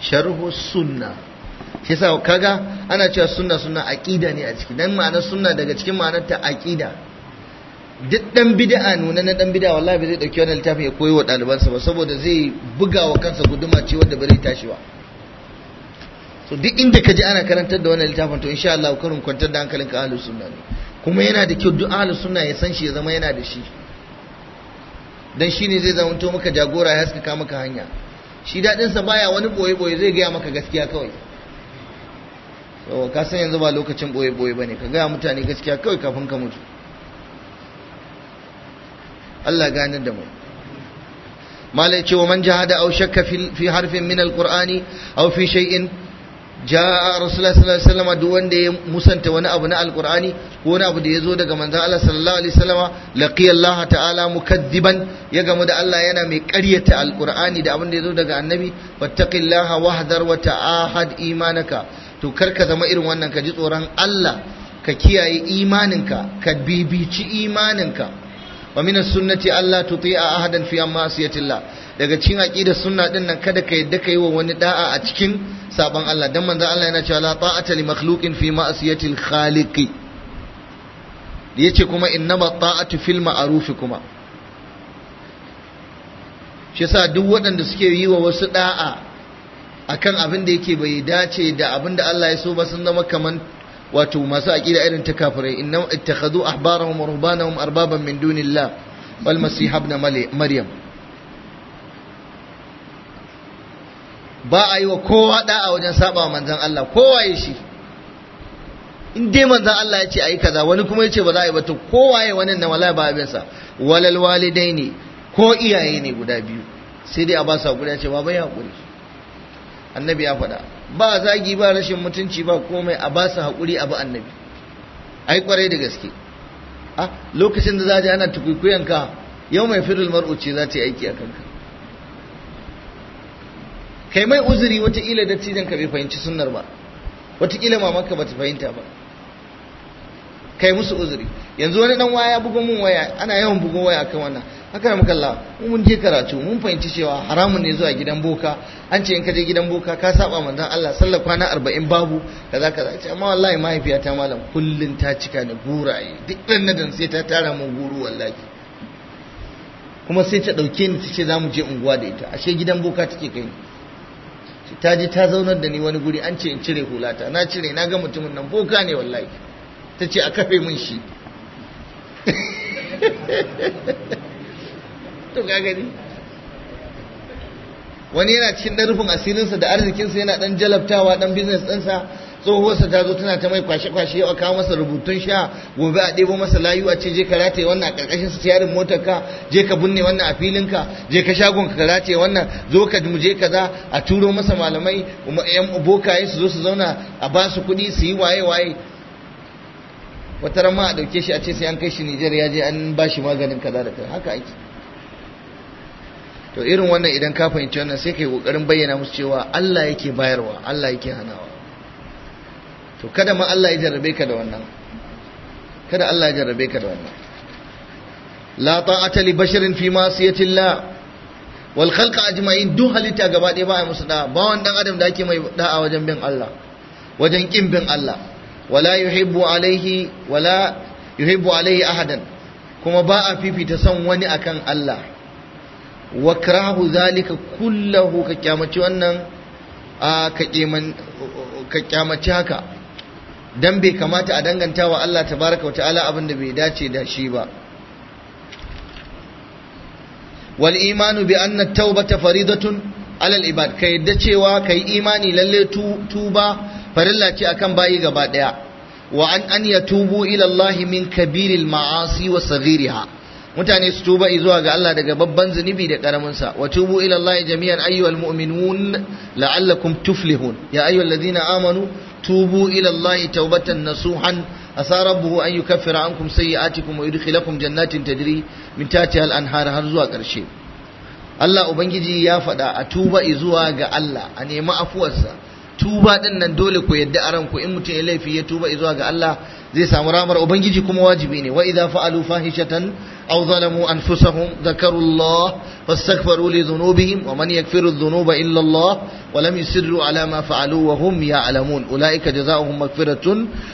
sharhu sunna shi sa kaga ana cewa sunna sunna aqida ne a ciki dan ma'anar sunna daga cikin ma'anar ta aqida duk dan bid'a nuna na dan bid'a wallahi bai zai dauki wannan littafin ya koyi wa ɗalibansa ba saboda zai buga wa kansa guduma ce wanda bai tashi ba so duk inda ka ji ana karantar da wannan littafin to insha Allah karin kwantar da hankalinka ahlus sunna ne kuma yana da kyau duk ahlus sunna ya san shi ya zama yana da shi dan shine zai zamanto maka jagora ya haskaka maka hanya shi dadin sa baya wani boye boye zai gaya maka gaskiya kawai so ka san yanzu ba lokacin boye boye bane ka gaya mutane gaskiya kawai kafin ka mutu Allah nan da mu malai ce wa man jahada aw shakka fi harfin min alqur'ani aw fi shay'in ja'a rasulullahi sallallahu alaihi wasallam wanda ya musanta wani abu na alqur'ani ko wani abu da ya daga manzo Allah sallallahu alaihi wasallam laqiya Allah ta'ala mukaddiban ya gamu da Allah yana mai ƙaryata alqur'ani da abin da ya daga annabi wattaqillaha wahdar wa ta'ahad imanaka to karka zama irin wannan ka ji tsoron Allah ka kiyaye imaninka ka bibici imaninka wa min as-sunnati Allah tuti'a ahadan fi ma'siyatillah daga cikin aqidar sunna din nan kada ka yadda kai wa wani da'a a cikin saban Allah dan manzon Allah yana cewa la ta'ata li makhluqin fi ma'siyati al-khaliq yace kuma innama ta'atu fil ma'ruf kuma shi yasa duk waɗanda suke yi wa wasu da'a akan abin da yake bai dace da abin da Allah ya so ba sun zama kaman wato masu aqida irin ta kafirai innam ittakhadhu ahbarahum wa rubbanahum arbaban min dunillah wal masih ibn maryam ba a yi wa kowa da'a wajen saba manzan Allah kowa ya shi in dai manzan Allah ya ce a yi kaza wani kuma ya ce ba za a yi ba to kowa ya wani na wala ba abin sa walal ne ko iyaye ne guda biyu sai dai a ba su hakuri ya ce ba bai hakuri annabi ya faɗa ba zagi ba rashin mutunci ba komai a ba su hakuri a ba annabi ai kwarai da gaske a ah, lokacin da za ana tukuikuyanka yau mai fidul mar'uci za ta yi aiki a kanka kai mai uzuri wataƙila dattijan ka bai fahimci sunnar ba wataƙila mamanka ba ta fahimta ba kai musu uzuri yanzu wani dan waya bugo mun waya ana yawan bugo waya akan wannan haka muka Allah mun je karatu mun fahimci cewa haramun ne zuwa gidan boka an ce in ka je gidan boka ka saba manzon Allah sallar kwana 40 babu kaza kaza ce amma wallahi mahaifiyata malam kullun ta cika ni guraye duk dan nadan sai ta tara mun guru wallahi kuma sai ta dauke ni ta ce mu je unguwa da ita ashe gidan boka take kai ni ta ji ta zaunar da ni wani guri an ce in cire hulata na cire na ga mutumin nan boka ne wallahi ta ce a kafe min shi to ga gani wani yana cikin ɗarfin rufin asirinsa da arzikinsa yana ɗan jalabtawa ɗan biznes ɗinsa tsohuwarsa ta zo tana ta mai kwashe-kwashe a kawo masa rubutun sha gobe a ɗebo masa layu a ce je ka rataye wannan a ƙarƙashin su tiyarin motar ka je ka binne wannan a filin ka je ka shagon ka rataye wannan zo ka muje kaza a turo masa malamai yan bokaye su zo su zauna a ba su kuɗi su yi waye-waye wata rama a ɗauke shi a ce sai an kai shi Nijar ya je an ba shi maganin kaza da kaza haka ake to irin wannan idan ka fahimci wannan sai kai kokarin bayyana musu cewa Allah yake bayarwa Allah yake hanawa to kada ma Allah ya jarrabe ka da wannan kada Allah ya jarrabe ka da wannan la ta'ata li basharin fi ma'siyati Allah wal khalqa ajma'in duk halitta gaba ɗaya ba a musu da'a ba wani adam da ake mai da'a wajen bin Allah wajen kin bin Allah wala yuhibbu alaihi wala yuhibbu alaihi ahadan kuma ba a fifita son wani akan Allah wa karahu zalika kullahu ka kyamaci wannan a ka kyamaci haka dan bai kamata a danganta wa Allah tabaraka wa ta'ala abin da bai dace da shi ba wal imanu bi anna tawbata faridatun alal ibad ka yadda cewa kai imani lalle tuba farilla ce akan bayi gaba daya wa an an yatubu ila Allah min kabiril ma'asi wa saghiriha mutane su tuba zuwa ga Allah daga babban zunubi da karamin sa wa tubu ila Allah jami'an ayyuhal mu'minun la'allakum tuflihun ya ayyuhallazina amanu tubu ila Allah tawbatan nasuhan asa rabbuhu an yukaffira ankum sayyi'atikum wa yudkhilakum jannatin tajri min tahtiha al-anhar har zuwa karshe Allah ubangiji ya faɗa a tuba zuwa ga Allah a nemi afuwarsa tuba din nan dole ku yadda a ranku in mutum ya laifi ya tuba zuwa ga Allah zai samu ramar ubangiji kuma wajibi ne wa idza fa'alu fahishatan أو ظلموا أنفسهم ذكروا الله فاستغفروا لذنوبهم ومن يغفر الذنوب إلا الله ولم يسروا على ما فعلوا وهم يعلمون أولئك جزاؤهم مغفرة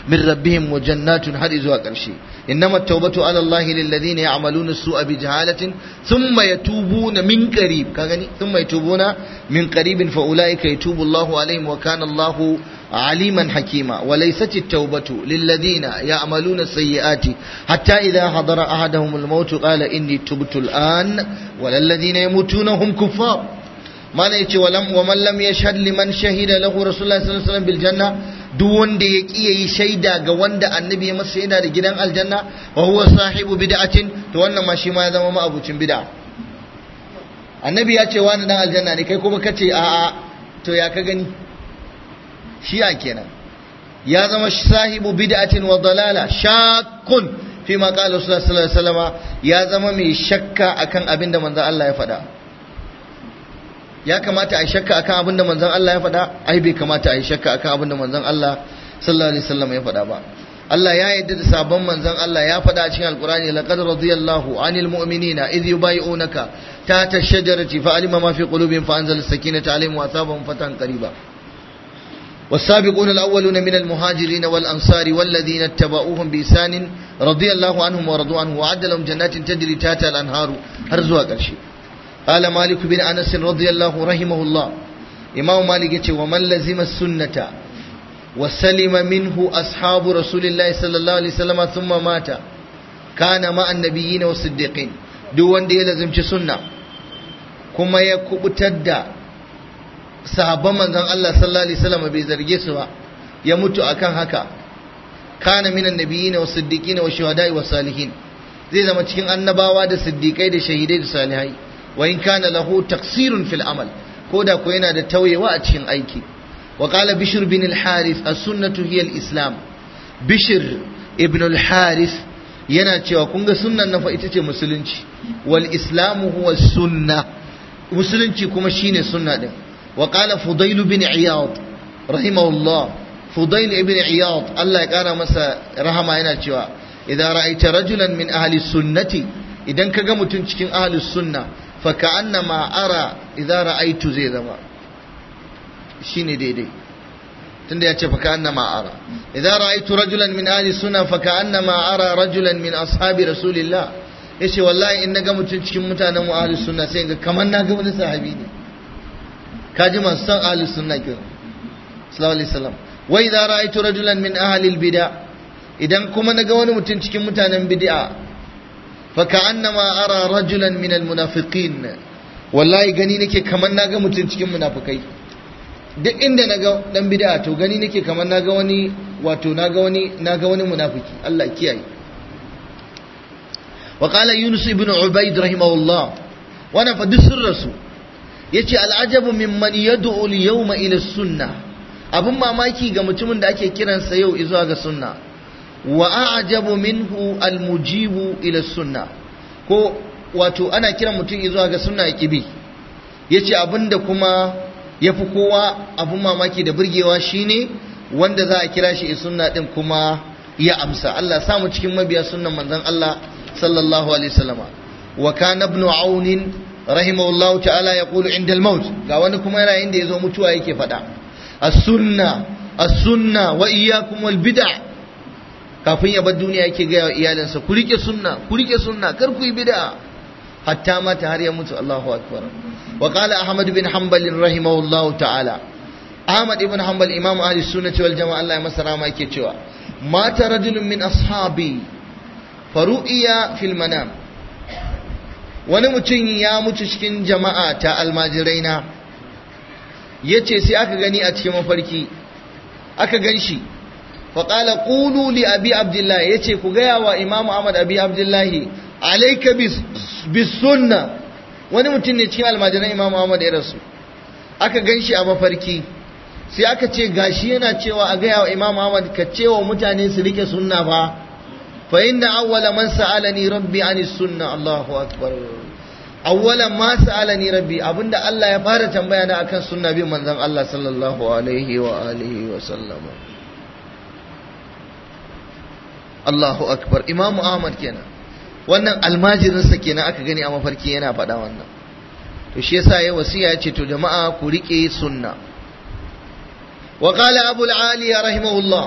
من ربهم وجنات حرزوا كرشي إنما التوبة على الله للذين يعملون السوء بجهالة ثم يتوبون من قريب ثم يتوبون من قريب فأولئك يتوب الله عليهم وكان الله aliman hakima walaysat at-taubatu lil ladina hatta idha hadara ahaduhum al-maut qala inni tubtu al-an ya kiyaye yi shaida ga wanda annabi ya masa shaida da gidan aljanna sahibu bid'atin ya zama ma'abucin bid'a annabi kace a'a shi'a kenan ya zama sahibu bid'atin wa dalala shakkun fi ma qala sallallahu alaihi wasallama ya zama mai shakka akan abin da manzon Allah ya faɗa ya kamata a shakka akan abin da manzon Allah ya faɗa ai bai kamata a shakka akan abin da manzon Allah sallallahu alaihi wasallama ya faɗa ba Allah ya yarda da sabon manzon Allah ya faɗa a cikin Alƙur'ani laqad radiyallahu anil mu'minina idh yubay'unaka ta shajarati fa alima ma fi qulubihim fa anzala sakinata alaihim wa asabahum fatan qariba والسابقون الأولون من المهاجرين والأنصار والذين اتبعوهم بإحسان رضي الله عنهم ورضوا عنه وعد لهم جنات تجري تحتها الأنهار هرزوا قرشي قال مالك بن أنس رضي الله رحمه الله إمام مالك ومن لزم السنة وسلم منه أصحاب رسول الله صلى الله عليه وسلم ثم مات كان مع النبيين والصديقين دون دي لزمت سنة كما يكبتد sahabban manzon Allah sallallahu alaihi wasallam bai zarge su ba ya mutu akan haka kana minan nabiyyin wa siddiqin wa shuhada'i wa salihin zai zama cikin annabawa da siddiqai da shahidai da salihai wa in kana lahu taqsirun fil amal ko da ko yana da tauyewa a cikin aiki wa qala bishr bin al harith as sunnatu hiya al islam bishr ibn al harith yana cewa kun ga sunnan nan fa ita ce musulunci wal islamu huwa sunna musulunci kuma shine sunna din وقال فضيل بن عياض رحمه الله فضيل بن عياض الله يقال مسا رحمه هنا تشوا اذا رايت رجلا من اهل السنه اذا كغا متين cikin اهل السنه فكانما ارى اذا رايت زي زما شيني دي دي tunda ya ce faka anna ma ara idan ra'aitu rajulan min ahli sunna faka anna ma ara rajulan min ashabi rasulillah yace wallahi in naga mutun cikin mutanen mu ahli sunna sai ga kamar naga wani sahabi ne kaji masu san ahli sunna ke sallallahu alaihi wasallam wa idza ra'aytu rajulan min ahli bid'a idan kuma naga wani mutum cikin mutanen bid'a fa ka'annama ara rajulan min almunafiqin wallahi gani nake kamar naga mutum cikin munafikai duk inda naga dan bid'a to gani nake kamar naga wani wato naga wani naga wani munafiki Allah kiyaye وقال يونس بن عبيد رحمه الله وانا فدس الرسول yace al'ajabu mimman yad'u al-yawma ila sunna abun mamaki ga mutumin da ake kiransa yau izuwa ga sunna wa a'jabu minhu al-mujibu ila sunna ko wato ana kiran mutum izuwa ga sunna ya kibi yace abinda kuma yafi kowa abun mamaki da burgewa shine wanda za a kira shi sunna din kuma ya amsa Allah samu cikin mabiya sunnan manzon Allah sallallahu alaihi wasallama wa kana ibn aunin rahimahullahu ta'ala ya kula inda maut ga wani kuma yana inda ya zo mutuwa yake faɗa as-sunna as-sunna wa iyyakum wal kafin ya bar duniya yake gaya wa iyalinsa ku rike sunna ku rike sunna kar ku yi bid'a hatta mata har ya mutu Allahu akbar wa qala ahmad bin hanbal rahimahullahu ta'ala ahmad ibn hanbal imam ahli suna wal jama'a Allah ya masa yake cewa mata rajulun min ashabi faru'iya fil manam wani mutum ya mutu cikin jama'a ta almajirai na ya ce sai aka gani a cikin mafarki aka gan shi faƙala ƙulu li abi abdullahi ya ce ku gaya wa imamu ahmad abi abdullahi alaika bis sunna wani mutum ne cikin almajiran imamu ahmad ya rasu aka gan shi a mafarki sai aka ce gashi yana cewa a gaya wa imamu ahmad ka ce wa mutane su rike sunna ba fa inna awwala man sa'alani rabbi an sunna Allahu akbar awwala ma sa'alani rabbi abinda Allah ya fara tambaya na akan sunna bin manzon Allah sallallahu alaihi wa alihi wa sallama Allahu akbar Imam Ahmad kenan wannan almajirinsa kenan aka gani a mafarki yana faɗa wannan to shi yasa ya wasiya ce to jama'a ku rike sunna wa qala abul ali rahimahullah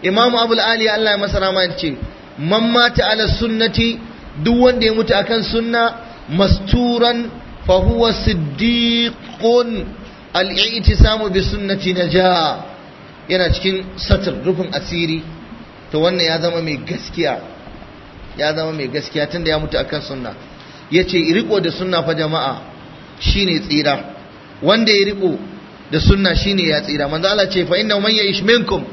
imam abul ali Allah ya masa rahama ce man mata ala sunnati duk wanda ya mutu akan sunna masturan fa huwa siddiqun al-i'tisamu bi sunnati naja yana cikin satr rufin asiri to wannan ya zama mai gaskiya ya zama mai gaskiya tunda ya mutu akan sunna yace riko da sunna fa jama'a shine tsira wanda ya riko da sunna shine ya tsira manzo Allah ce fa inna man ya'ish minkum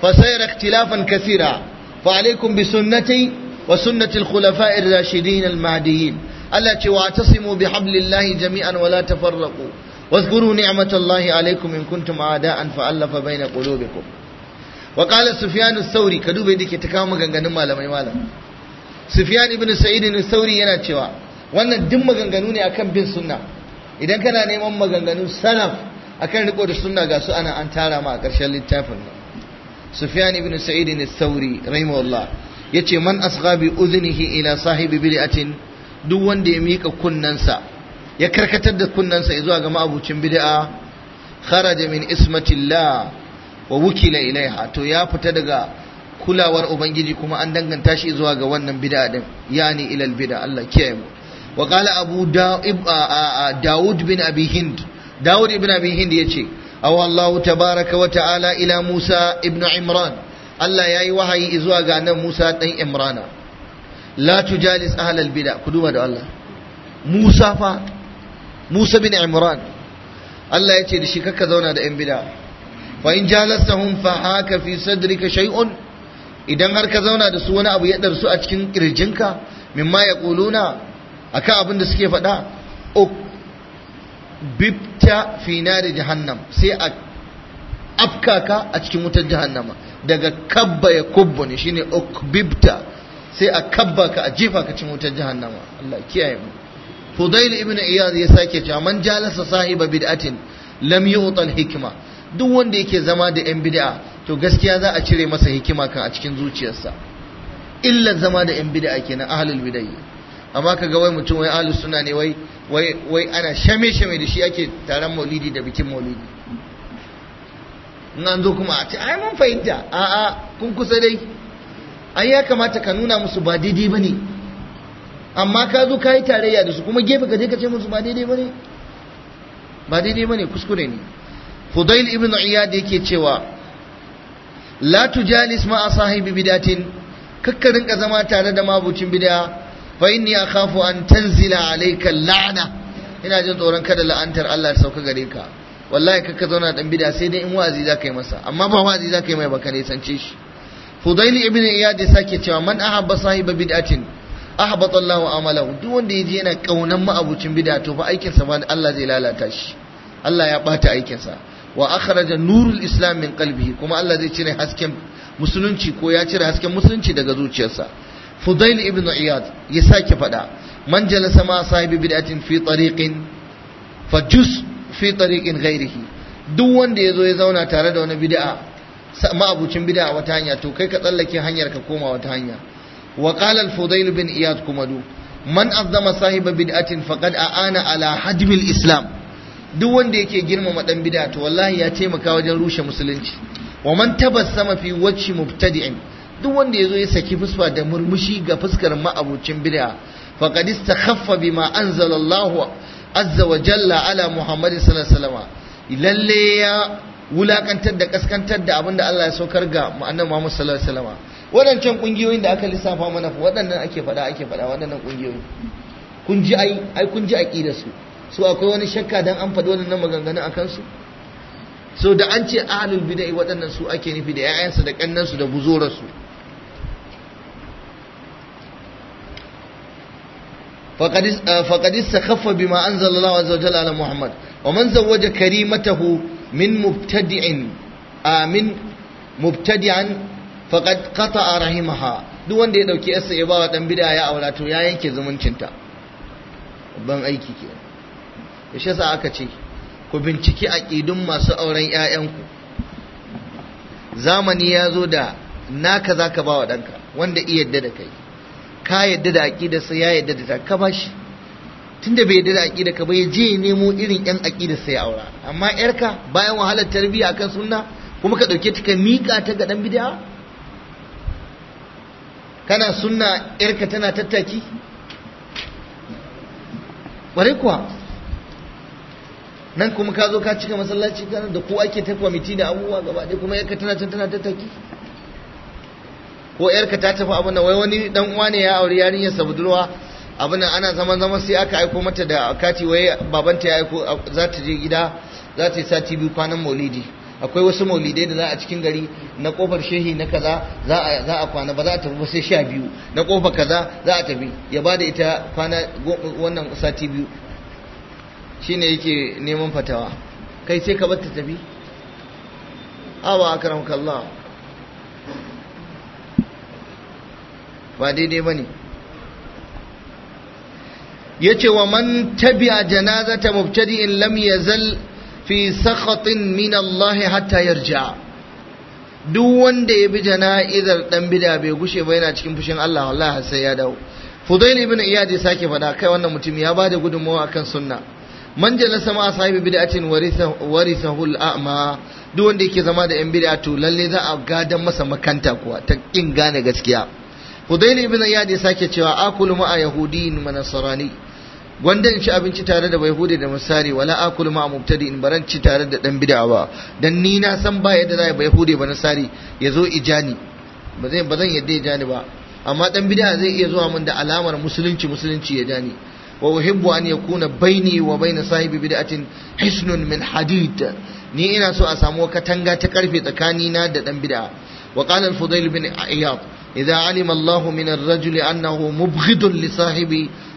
fa sayara ikhtilafan kaseera فعليكم بسنتي وسنة الخلفاء الراشدين المهديين التي واعتصموا بحبل الله جميعا ولا تفرقوا واذكروا نعمة الله عليكم إن كنتم أعداء فألف بين قلوبكم وقال سفيان الثوري كدوب يديك تكاوم غنغنم مالا مالا سفيان ابن سعيد الثوري yana cewa wannan duk maganganu ne akan bin sunna idan kana neman maganganu salaf akan riko da sunna ga su ana an tara ma a ƙarshen littafin nan sufyan ibn sa'id al-thawri rahimahullah yace man asgha bi udhnihi ila sahibi bid'atin duk wanda ya mika kunnansa ya karkatar da kunnansa zuwa ga ma'abucin bid'a kharaja min ismatillah wa wukila ilaiha to ya fita daga kulawar ubangiji kuma an danganta shi zuwa ga wannan bid'a din yani ilal bid'a Allah kiyaye mu wa qala abu daud bin abi hind daud ibn abi hind yace aw tabaraka wa ta'ala ila Musa ibn Imran Allah yayi wahayi zuwa ga nan Musa dan Imrana la tujalis ahlal bid'a ku duba da Allah Musa fa Musa bin Imran Allah yace da shi kakka zauna da yan bid'a fa in jalasahum fa haka fi sadrika shay'un idan har ka zauna da su wani abu ya ɗarsu a cikin kirjinka mimma yaquluna akan abin da suke faɗa bibta fi nari jahannam sai a afkaka a cikin wutar jahannama daga kabba ya kubbu ne shine ukbibta sai a kabba ka a jefa ka cikin wutar jahannama Allah kiyaye mu Fudail ibn Iyad ya sake cewa man jalasa sahiba bid'atin lam yu'tal hikma duk wanda yake zama da yan bid'a to gaskiya za a cire masa hikima kan a cikin zuciyarsa illa zama da yan bid'a kenan ahlul bid'ah amma ka ga wai mutum wai ahlus sunna ne wai wai wai ana shame shame da shi ake taron maulidi da bikin maulidi nan an zo kuma a ce ai mun fahimta a a kun kusa dai ai ya kamata ka nuna musu ba daidai bane amma ka zo ka yi tarayya da su kuma gefe ka je ka ce musu ba daidai bane ba daidai bane kuskure ne Fudail ibn Iyad yake cewa la tujalis ma sahibi bidatin kakkarin ka zama tare da mabucin bid'a fa inni akhafu an tanzila alayka la'na ina jin tsoron kada la'antar Allah ta sauka gare ka wallahi ka zauna dan bida sai dai in wa'azi zaka yi masa amma ba wa'azi zaka yi mai baka ne sance shi Fudaili ibn Iyad ya sake cewa man ahabba sahiba bid'atin ahbata Allah amalahu duk wanda yaji yana kaunan ma'abucin bid'a to fa aikin sa ba Allah zai lalata shi Allah ya bata aikin sa wa akhraja nurul islam min qalbihi kuma Allah zai cire hasken musulunci ko ya cire hasken musulunci daga zuciyarsa fudail ibn iyad ya sake faɗa man jalasa ma sahibi bid'atin fi tariqin fa fi tariqin ghairihi duk wanda ya zo ya zauna tare da wani bid'a a wata hanya to kai ka tsallake hanyar ka koma wata hanya wa qala al-fudail bin iyad kumadu man azzama sahiba bid'atin faqad aana ala hadmil islam duk wanda yake girmama dan bid'a to wallahi ya taimaka wajen rushe musulunci wa man tabassama fi wajhi mubtadi'in duk wanda ya zo ya saki fuska da murmushi ga fuskar ma'abucin bid'a faqad khaffa bima anzala Allah azza wa jalla ala Muhammad sallallahu alaihi wasallam lalle ya wulakantar da kaskantar da abin da Allah ya saukar ga annabi Muhammad sallallahu alaihi wasallam waɗancan kungiyoyin da aka lissafa mana waɗannan ake faɗa ake faɗa waɗannan kungiyoyi kun ji ai ai kun ji aqida su su akwai wani shakka dan an faɗi wannan maganganun akan su so da an ce ahlul bid'ah waɗannan su ake nufi da 'ya'yansu da kannansu da buzurarsu فقد استخف بما أنزل الله عز وجل على محمد ومن زوج كريمته من مبتدع من مبتدعا فقد قطع رحمها duk wanda ya dauki yarsa ya bawa dan bid'a ya aura to ya yanke zumuncinta babban aiki ke da shi yasa aka ce ku binciki aqidun masu auren ƴaƴanku zamani ya zo da naka zaka bawa danka wanda iya yadda da kai ka yadda da aƙida sai ya yadda da ta ka bashi tunda bai yadda da aƙida ka ba ya je nemo irin ƴan aƙida sai aura amma yarka bayan wahalar tarbiyya akan sunna kuma ka dauke ta ka mika ta ga dan bid'a kana sunna yarka tana tattaki bare kuwa nan kuma ka zo ka cika masallaci kana da ko ake ta kwamiti da abubuwa gaba ɗaya kuma yarka tana tana tattaki ko yarka ta tafi abin wai wani dan uwa ne ya auri yarinyar sa budurwa abin ana zaman zaman sai aka aiko mata da kati wai babanta ya aiko za ta je gida za ta yi sati biyu kwanan maulidi akwai wasu maulidai da za a cikin gari na kofar shehi na kaza za a kwana ba za a tafi ba sai sha biyu na kofar kaza za a tafi ya ba da ita kwana wannan sati biyu shine yake neman fatawa kai sai ka bar ta tafi awa akramkallah ba daidai ba ne ya ce wa man ta mubtadi in lam yazal fi sakhatin min Allah hatta yarja duk wanda ya bi jana'izar dan bid'a bai gushe ba yana cikin fushin Allah wallahi sai ya dawo Fudail ibn Iyad ya sake fada kai wannan mutum ya bada gudunmawa akan sunna man jalasa ma sahibi bid'atin warisahu al-a'ma duk wanda yake zama da yan bid'a to lalle za a gadan masa makanta kuwa ta kin gane gaskiya Hudayl ibn Iyad ya sake cewa akulu ma'a yahudin wa nasrani gwanda in ci abinci tare da yahudi da musari wala akulu ma'a mubtadi in baran ci tare da dan bid'a ba dan ni na san ba yadda zai bai yahudi ba nasari yazo ijani ba zai ba zan yadda ijani ba amma dan bid'a zai iya zuwa min da alamar musulunci musulunci ya jani wa uhibbu an yakuna baini wa baina sahibi bid'atin hisnun min hadid ni ina so a samu katanga ta karfe tsakani na da dan bid'a wa qala al-fudail bin iyad إذا علم الله annahu الرجل أنه مبغض لصاحب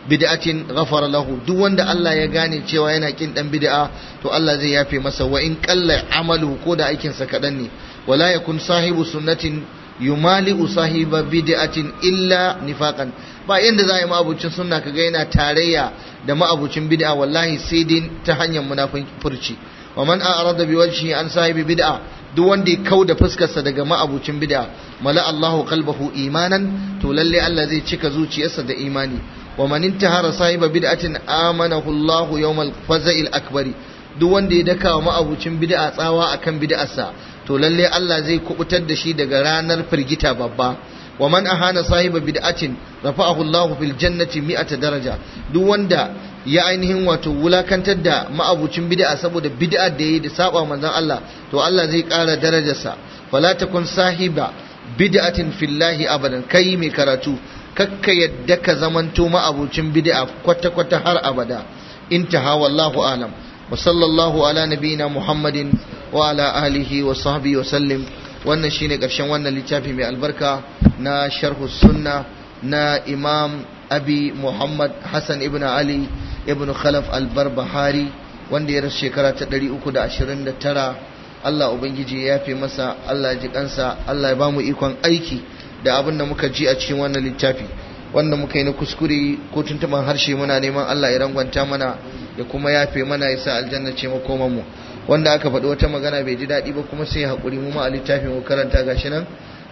بدعة غفر Duk wanda Allah ya gane cewa yana kin ɗan bid'a to Allah zai yafe masa wa in qalla amalu ko da aikin sa ne wala yakun sahibu sunnatin yumali sahiba bid'atin illa nifaqan ba yanda za a yi ma'abucin sunna ka yana tarayya da ma'abucin bid'a wallahi sai din ta hanyar munafurci wa man a'rada bi wajhi an sahibi bid'a duk wanda ya da fuskarsa daga ma'abucin bid'a mala Allahu qalbahu imanan to lalle Allah zai cika zuciyarsa da imani wa man intahara sahiba bid'atin amanahu Allahu yawmal faza'il akbari duk wanda ya daka wa ma'abucin bid'a tsawa akan bid'arsa to lalle Allah zai kubutar da shi daga ranar firgita babba wa man ahana sahiba bid'atin rafa'ahu Allahu fil jannati mi'ata daraja duk wanda ya ainihin wato wulakantar da ma'abucin bid'a saboda bid'a da yayi da saba manzon Allah to Allah zai ƙara darajarsa fala takun sahiba bid'atin fillahi abadan kai mai karatu kakka yadda ka zamanto ma'abucin bid'a kwata kwata har abada intaha wallahu alam wa sallallahu ala nabiyina muhammadin wa ala alihi wa sahbihi wa sallim wannan shine karshen wannan littafi mai albarka na sharhu sunna na imam abi muhammad hassan ibn ali ibn khalaf al-barbahari wanda ya rasu shekara ta 329 Allah ubangiji ya yafe masa Allah ya ji kansa Allah ya ba mu ikon aiki da abin da muka ji a cikin wannan littafi wanda muka yi na kuskure ko tuntuban harshe muna neman Allah ya rangwanta mana ya kuma yafe mana ya sa aljanna ce makoman mu wanda aka faɗi wata magana bai ji daɗi ba kuma sai haƙuri mu ma a littafin mu karanta gashi nan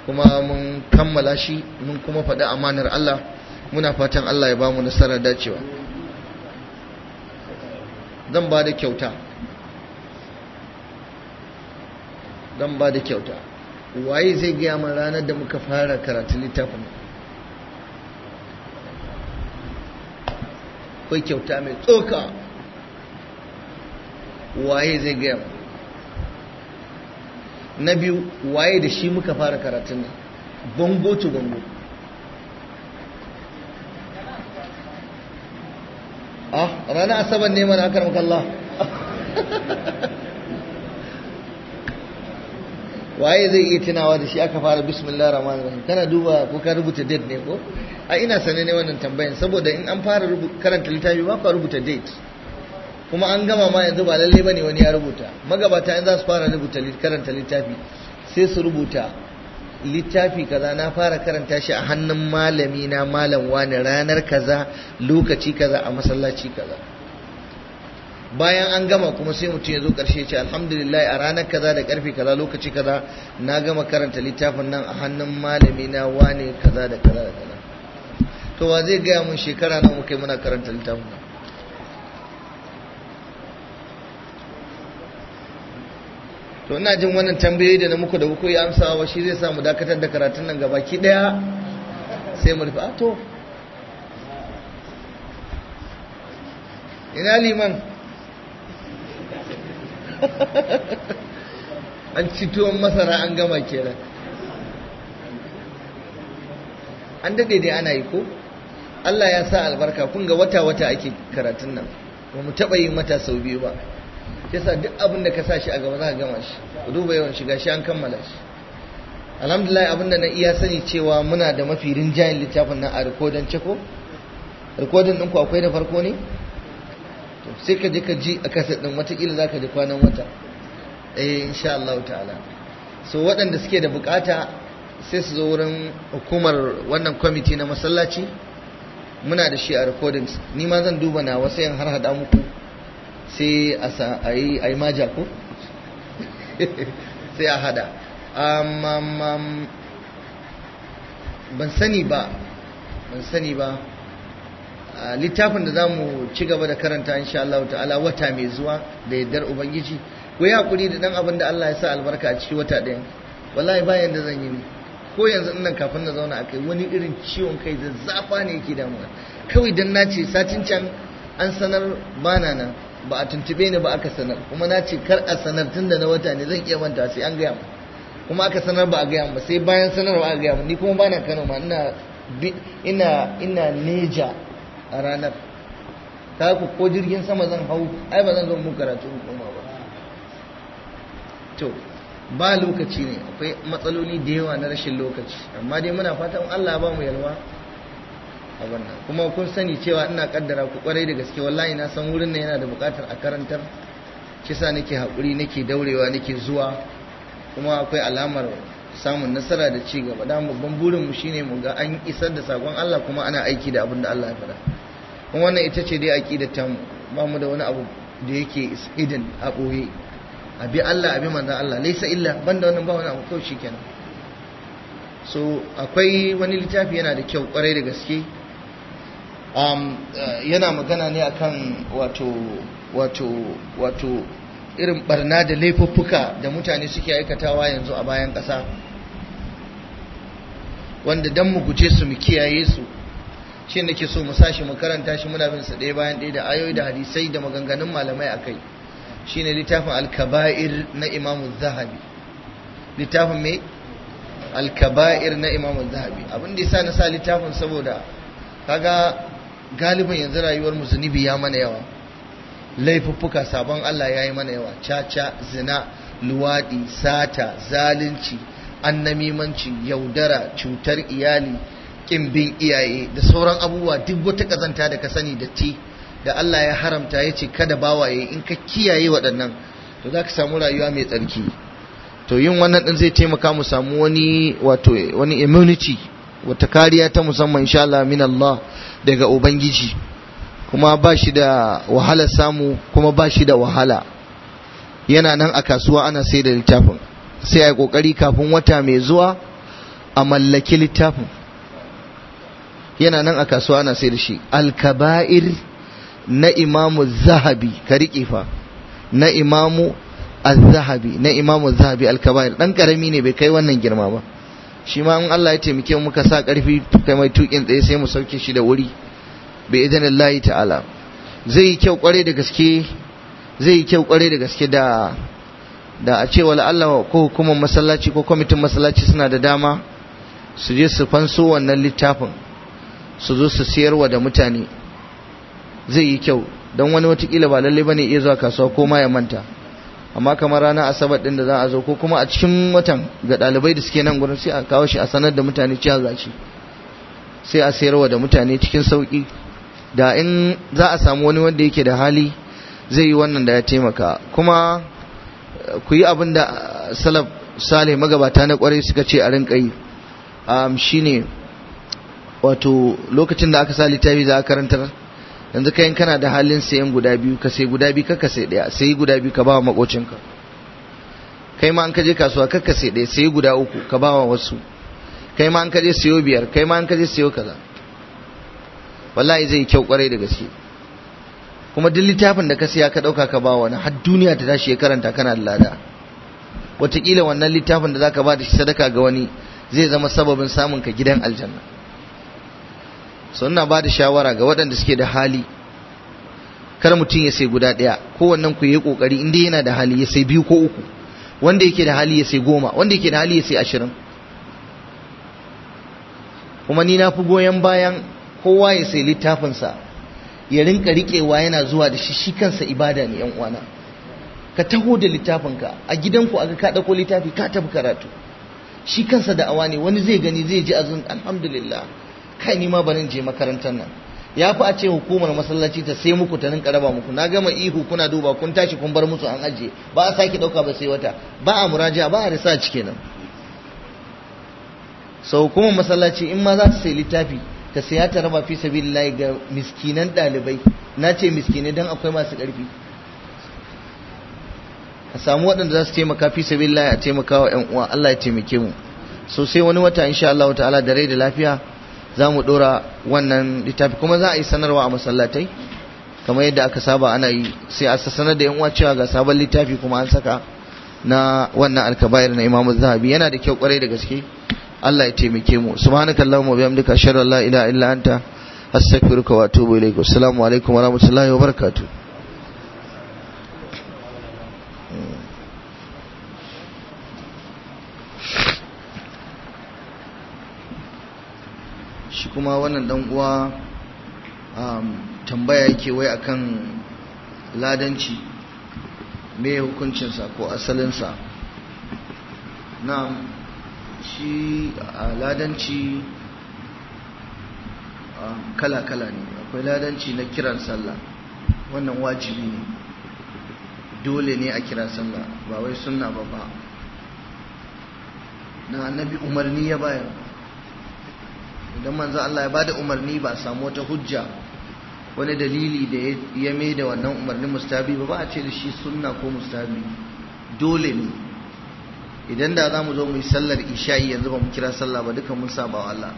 kuma mun kammala shi mun kuma faɗi amanar Allah muna fatan Allah ya ba mu nasara dacewa zan ba da kyauta zan ba da kyauta waye zai gaya min ranar da muka fara karatun littafin akwai kyauta mai tsoka waye zai gaya min na biyu waye da shi muka fara karatun nan bango to bango ranar asabar ne mana akar Allah? waye zai iya tunawa da shi aka fara bismillah rahman rahim kana duba ko ka rubuta date ne ko a ina sane ne wannan tambayin? saboda in an fara karanta littafi ba ka rubuta date kuma an gama ma yanzu ba lalle bane wani ya rubuta magabata in za su fara rubuta karanta littafi sai su rubuta littafi kaza na fara karanta shi a hannun malami na malam wani ranar kaza lokaci kaza a masallaci kaza bayan an gama kuma sai mutum ya zo karshe ce alhamdulillah a ranar kaza da karfe kaza lokaci kaza na gama karanta littafin nan a hannun malami na wani kaza da kaza da kaza to wa zai gaya mun shekara na mu kai muna karanta littafin nan to ina jin wannan tambayoyi da na muku da kuka amsa wa shi zai samu dakatar da karatun nan gabaki daya sai mu rufe to ina liman an ci tuwon masara an gama kenan an daɗe dai ana yi ko Allah ya sa albarka kun ga wata-wata ake karatun nan ba mu taɓa yi mata sau biyu ba sa duk abin da ka sa shi a gaba za ka gama shi ku duba yawan shiga shi an kammala shi alhamdulillah abinda na iya sani cewa muna da mafi rinjayen littafin na a rikodin ciko rikodin ɗinku akwai da farko ne to sai ka je ka ji a kasar ɗin watakila za ka ji kwanan wata eh insha Allah ta'ala so waɗanda suke da bukata sai su zo wurin hukumar wannan kwamiti na masallaci muna da shi a rikodin ni ma zan duba na wasu yan har haɗa muku sai a yi maja ko sai a hada um, um, um, ban sani ba ban sani ba littafin da za mu ci gaba da karanta insha Allah ta'ala wata mai zuwa da yardar ubangiji ku yi hakuri da dan abin da Allah ya sa albarka a cikin wata ɗayan wallahi bayan da zan yi ko yanzu nan kafin na zauna a kai wani irin ciwon kai zazzafa ne yake damuwa kawai dan na ce satin can an sanar bana nan ba a tuntube ni ba aka sanar kuma na ce kar a sanar tun da na wata ne zan iya manta sai an gaya mu kuma aka sanar ba a gaya mu sai bayan sanar ba a gaya mu ni kuma bana Kano ma ina neja a ranar ta ku ko jirgin sama zan hau ai ba zan zo mu karatu hukuma ba to ba lokaci ne akwai matsaloli da yawa na rashin lokaci amma dai muna fatan Allah ba mu yalwa abin nan kuma kun sani cewa ina kaddara ku kwarai da gaske wallahi na san wurin nan yana da bukatar a karantar kisa nake haƙuri nake daurewa nake zuwa kuma akwai alamar samun nasara da ci gaba da babban burin mu shine mu ga an isar da sakon Allah kuma ana aiki da abin da Allah ya faɗa kuma wannan ita ce dai aqidar ta mu ba mu da wani abu da yake is hidden a boye abi Allah abi manzon Allah laysa illa banda wannan ba wani abu kawai shikenan so akwai wani littafi yana da kyau kwarai da gaske Um, uh, yana magana ne akan wato wato wato irin barna da laifuffuka da mutane suke aikatawa yanzu a bayan ƙasa wanda dan mu guje su mu kiyaye su shi ke so mu sashi mu karanta shi muna bin sa ɗaya bayan ɗaya da ayoyi da hadisai da maganganun malamai a kai, shi ne littafin alkaba'ir na imamu Zahabi littafin me alkaba'ir na imamu Zahabi abin da yasa na sa littafin saboda kaga Galibin yanzu rayuwar mu zunubi ya mana yawa laifuffuka sabon Allah ya yi mana yawa caca zina luwaɗi, sata zalunci annamimanci yaudara cutar iyali ƙimbin iyaye da sauran abubuwa duk wata ƙazanta da ka sani da ti da Allah ya haramta ya ce kada bawaye in ka kiyaye waɗannan to za ka samu rayuwa mai tsarki to yin wannan ɗin zai taimaka mu samu wani wato wani immunity wata kariya ta musamman insha Allah min Allah daga ubangiji kuma ba shi da wahala samu kuma ba shi da wahala yana nan a kasuwa ana sai da littafin sai a yi kokari kafin wata mai zuwa a mallaki littafin yana nan a kasuwa ana sai da shi alkaba'ir na imamu zahabi ka riƙe fa na imamu az-zahabi na imamu zahabi alkaba'ir dan karami ne bai kai wannan girma ba shi ma in Allah ya taimake mu muka sa ƙarfi kai mai tukin tsaye sai mu sauke shi da wuri bi idanillahi ta'ala zai yi kyau kware da gaske zai yi kyau kware da gaske da da a ce wala Allah ko hukumar masallaci ko kwamitin masallaci suna da dama su je su fanso wannan littafin su zo su siyarwa da mutane zai yi kyau don wani watakila ba lallai bane iya zuwa kasuwa ko ma ya manta amma kamar rana asabar din da za a zo ko kuma a cikin watan ga dalibai da suke nan gurin sai a kawo shi a sanar da mutane cewa za shi sai a sayarwa da mutane cikin sauki da in za a samu wani wanda yake da hali zai yi wannan da ya taimaka kuma eh, ku yi abin da eh, salaf salih magabata na kwarai suka ce a rinka yi shine wato lokacin da aka sa littafi za a karantar yanzu kai kana da halin sayan guda biyu ka sai guda biyu ka sai daya sai guda biyu ka ba wa makocinka kai ma an ka je kasuwa ka sai daya sai guda uku ka ba wa wasu kai ma an ka je sayo biyar kai ma an ka je sayo kaza wallahi zai kyau kwarai da gaske kuma duk littafin da ka siya ka dauka ka ba wani har duniya ta tashi ya karanta kana da lada wataƙila wannan littafin da zaka ba da shi sadaka ga wani zai zama sababin samun ka gidan aljanna sannan ba da shawara ga waɗanda suke da hali kar mutum ya sai guda ɗaya wannan ku yi ƙoƙari inda yana da hali ya sai biyu ko uku wanda yake da hali ya sai goma wanda yake da hali ya sai ashirin kuma ni na fi goyon bayan kowa ya sai littafinsa ya rinka riƙewa yana zuwa da shi shi kansa ibada ne yan uwana ka taho da littafinka a gidanku a ka ɗauko littafi ka tafi karatu shi kansa da awa ne wani zai gani zai ji azun alhamdulillah kai ni ma barin je makarantar nan ya fi a ce hukumar masallaci ta sai muku ta ninka raba muku na gama ihu kuna duba kun tashi kun bar musu an ajiye ba a sake dauka ba sai wata ba a muraja ba a risa cike nan sau hukumar masallaci in ma za ta sai littafi ta saya ta raba fi sabilillahi ga miskinan ɗalibai na ce miskinai dan akwai masu ƙarfi a samu waɗanda za su taimaka fi sabilillahi a taimaka wa 'yan uwa Allah ya taimake mu sosai wani wata insha Allah ta'ala da rai da lafiya za mu ɗora wannan littafi kuma za a yi sanarwa a masallatai kamar yadda aka saba ana yi sai a sanar da yan uwa cewa ga sabon littafi kuma an saka na wannan alkabair na imamu zahabi yana da kyau kwarai da gaske Allah ya taimake mu subhanakallahumma wa bihamdika ashhadu an la ilaha illa anta astaghfiruka wa atubu ilaik assalamu alaikum wa rahmatullahi wa barakatuh kuma wannan dan uwa um, tambaya yake wai akan ladanci me hukuncinsa ko asalinsa na shi ladanci um, kala-kala ne akwai ladanci na kiran sallah wannan wajibi ne dole ne a kira sallah ba wai sunna ba ba na annabi umarni ya bayar idan manzo Allah ya bada umarni ba samu wata hujja wani dalili da ya mai da wannan umarnin mustabi ba ba a ce da shi sunna ko mustabi dole ne idan da za mu zo mu yi sallar isha'i yanzu ba mu kira sallah ba duka mun saba wa Allah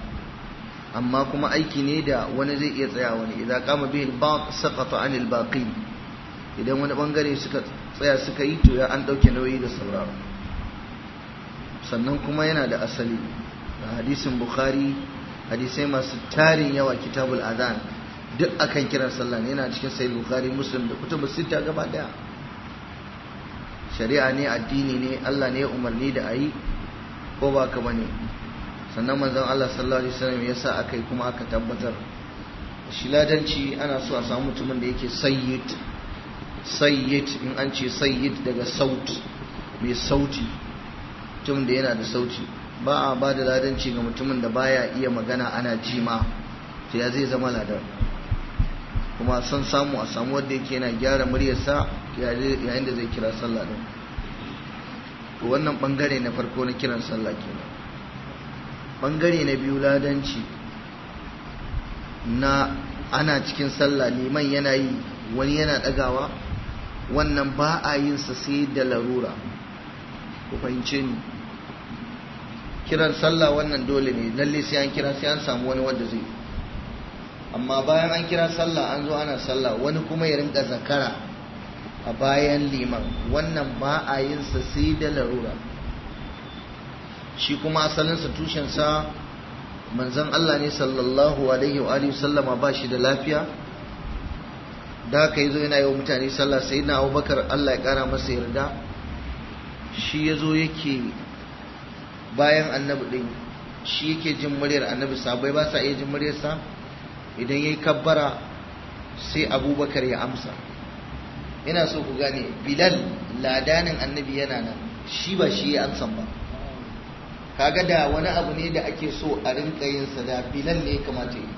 amma kuma aiki ne da wani zai iya tsaya wani idan kama bihi baq saqata anil baqi idan wani bangare suka tsaya suka yi to ya an dauke nauyi da sauraro sannan kuma yana da asali da hadisin bukhari hadisai masu tarin yawa kitabul adhan duk akan kiran sallah ne yana cikin sahih bukhari muslim da kutubu sita gaba daya shari'a ne addini ne Allah ne umarni da ayi ko ba ka bane sannan manzon Allah sallallahu alaihi wasallam ya sa akai kuma aka tabbatar shi ladanci ana so a samu mutumin da yake sayyid sayyid in an ce sayyid daga sauti mai sauti mutum da yana da sauti ba a ba da ladanci ga mutumin da baya iya magana ana jima to ya zai zama ladan kuma san samu a samu wanda yake yana gyara muryarsa yayin da zai kira sallah din to wannan bangare na farko na kiran sallah kenan bangare na biyu ladanci na ana cikin sallah liman yana yi wani yana dagawa wannan ba a yin sa sai da larura ku fahimce ni kiran sallah wannan dole ne lalle sai an kira sai an samu wani wanda zai amma bayan an kira sallah an zo ana sallah wani kuma ya rinka zakara a bayan liman wannan ba a yin sa sai da larura shi kuma asalinsa tushensa manzon Allah ne sallallahu alaihi wa alihi sallama ba shi da lafiya da yi zo yana yi wa mutane sallah sai sayyidina Abubakar Allah ya kara masa yarda shi yazo yake bayan annabi din shi yake jin muryar annabi sabai ba sa iya jin muryarsa idan yayi kabbara sai abubakar ya amsa ina so ku gane bilal ladanin annabi yana nan shi ba shi ya amsa ba kaga da wani abu ne da ake so a rinka yin da bilal ne kamata yi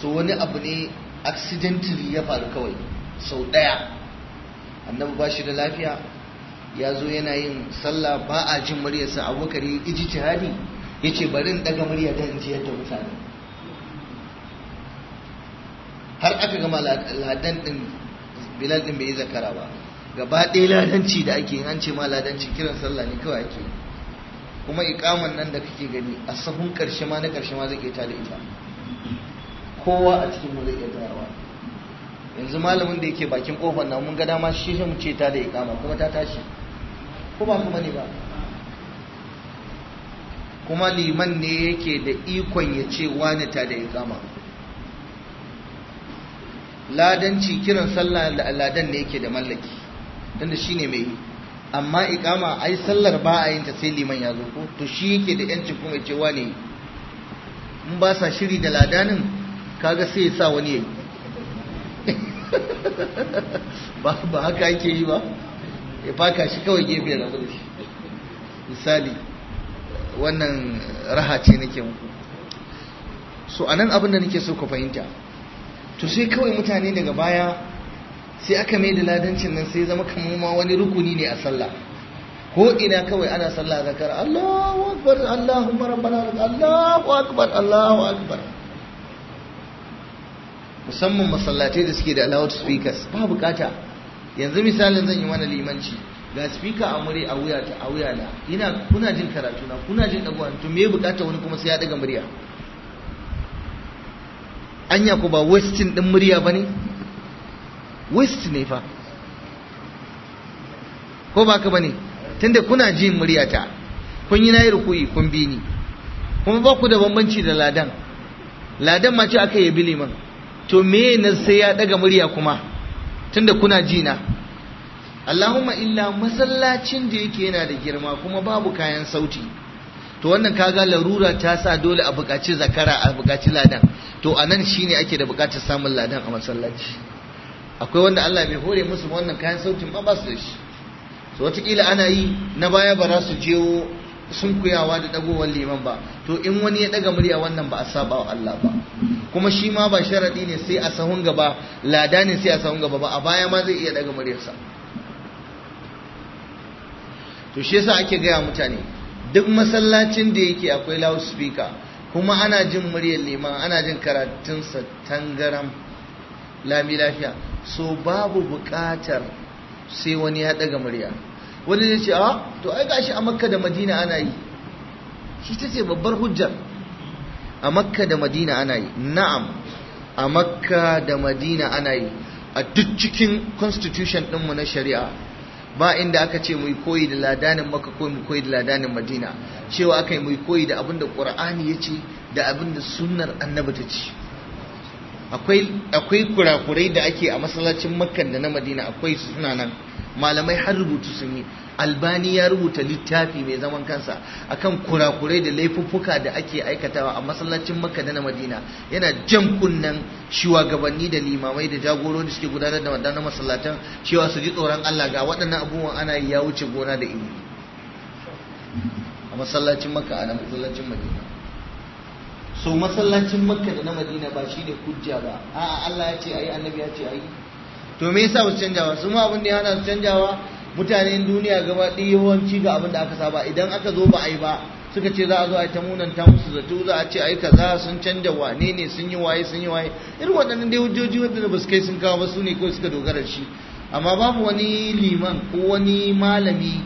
so wani abu ne accidentally ya faru kawai sau daya annabi ba shi da lafiya ya zo yana yin sallah ba a jin muryarsa abubakar ya iji jihadi ya ce bari in daga murya don in ciyar da mutane har aka gama ladan din bilal din bai yi zakara ba gaba ɗaya ladanci da ake yin an ce ma ladanci kiran sallah ne kawai ake kuma ikaman nan da kake gani a sahun karshe ma na karshe ma zai iya tada ita kowa a cikin mu zai iya tarawa yanzu malamin da yake bakin kofar na mun ga dama shi mu ce ta da ikama kuma ta tashi ko kuma ne ba kuma liman ne yake da ikon ya ce wani ta da ikama ladanci kiran sallah al'adan ne yake da mallaki don da shi ne mai yi amma ikama ai sallar ba a yin ta sai liman ya zo ko to shi yake da yancin kuma ya ce wani in ba sa shiri da ladanin kaga sai ya sa wani ya yi ba haka yake yi ba ya faka shi kawai gefe rabu da shi misali wannan raha ce nake muku so anan abin da nake so ka fahimta to sai kawai mutane daga baya sai aka mai da ladancin nan sai zama kamar ma wani rukuni ne a sallah ko ina kawai ana sallah zakar Allahu akbar Allahu rabbana Allahu akbar Allahu akbar musamman masallatai da suke da loud speakers ba bukata yanzu misalin zan yi mana limanci ga spika a mure a wuya ta a wuya na ina kuna jin karatu na kuna jin dagowa to me bukata wani kuma sai ya daga murya anya ko ba wasting din murya bane waste ne fa ko ba ka bane tunda kuna jin muryata kun yi nayi rukuyi kun bi ni kuma ba ku da bambanci da ladan ladan ma ce aka yi biliman to me na sai ya daga murya kuma tunda kuna jina Allahumma illa masallacin da yake yana da girma kuma babu kayan sauti to wannan kaga larura ta sa dole a buƙaci zakara a buƙaci ladan to a nan shine ake da buƙatar samun ladan a masallaci akwai wanda Allah bai hore musu wannan kayan sautin ba ba su da shi so wataƙila ana yi na baya ba za su jewo sunkuyawa da dagowar liman ba to in wani ya daga murya wannan ba a saba wa Allah ba kuma shi ma ba sharadi ne sai a sahun gaba lada ne sai a sahun gaba ba a baya ma zai iya daga muryarsa to shi yasa ake gaya mutane duk masallacin da yake akwai loudspeaker kuma ana jin muryar liman ana jin karatunsa tangaram lami lafiya so babu buƙatar sai wani ya daga murya wani zai ce a ah, to ai gashi a makka da madina ana yi shi ta ce babbar hujjar a makka da madina ana yi na'am a makka da madina ana yi a duk cikin constitution ɗinmu na shari'a ba inda aka ce mu yi koyi da ladanin maka ko mu koyi da ladanin madina cewa aka yi mu yi koyi da abin da qur'ani ya ce da abin da sunnar annabi ta ce akwai kurakurai da ake a masallacin makka da na madina akwai suna nan malamai har rubutu sun yi albani ya rubuta littafi mai zaman kansa akan kurakurai da laifuffuka da ake aikatawa a masallacin makka da na madina yana jan kunnen shugabanni da limamai da jagorori suke gudanar da wadannan masallatan cewa su ji tsoron allah ga waɗannan abubuwan ana yi ya wuce gona da ilimi a masallacin makka a masallacin madina so masallacin makka da na madina ba shi ne hujja ba a'a allah ya ce ayi annabi ya ce ayi to me yasa wasu canjawa su ma abin da yana su canjawa mutanen duniya gaba ɗaya yawanci ga abin da aka saba idan aka zo ba a yi ba suka ce za a zo a ta munan ta musu zato za a ce ai kaza sun canja wane ne sun yi waye sun yi waye irin waɗannan dai hujjoji waɗanda ba su kai sun kawo ba su ne kawai suka dogara shi amma babu wani liman ko wani malami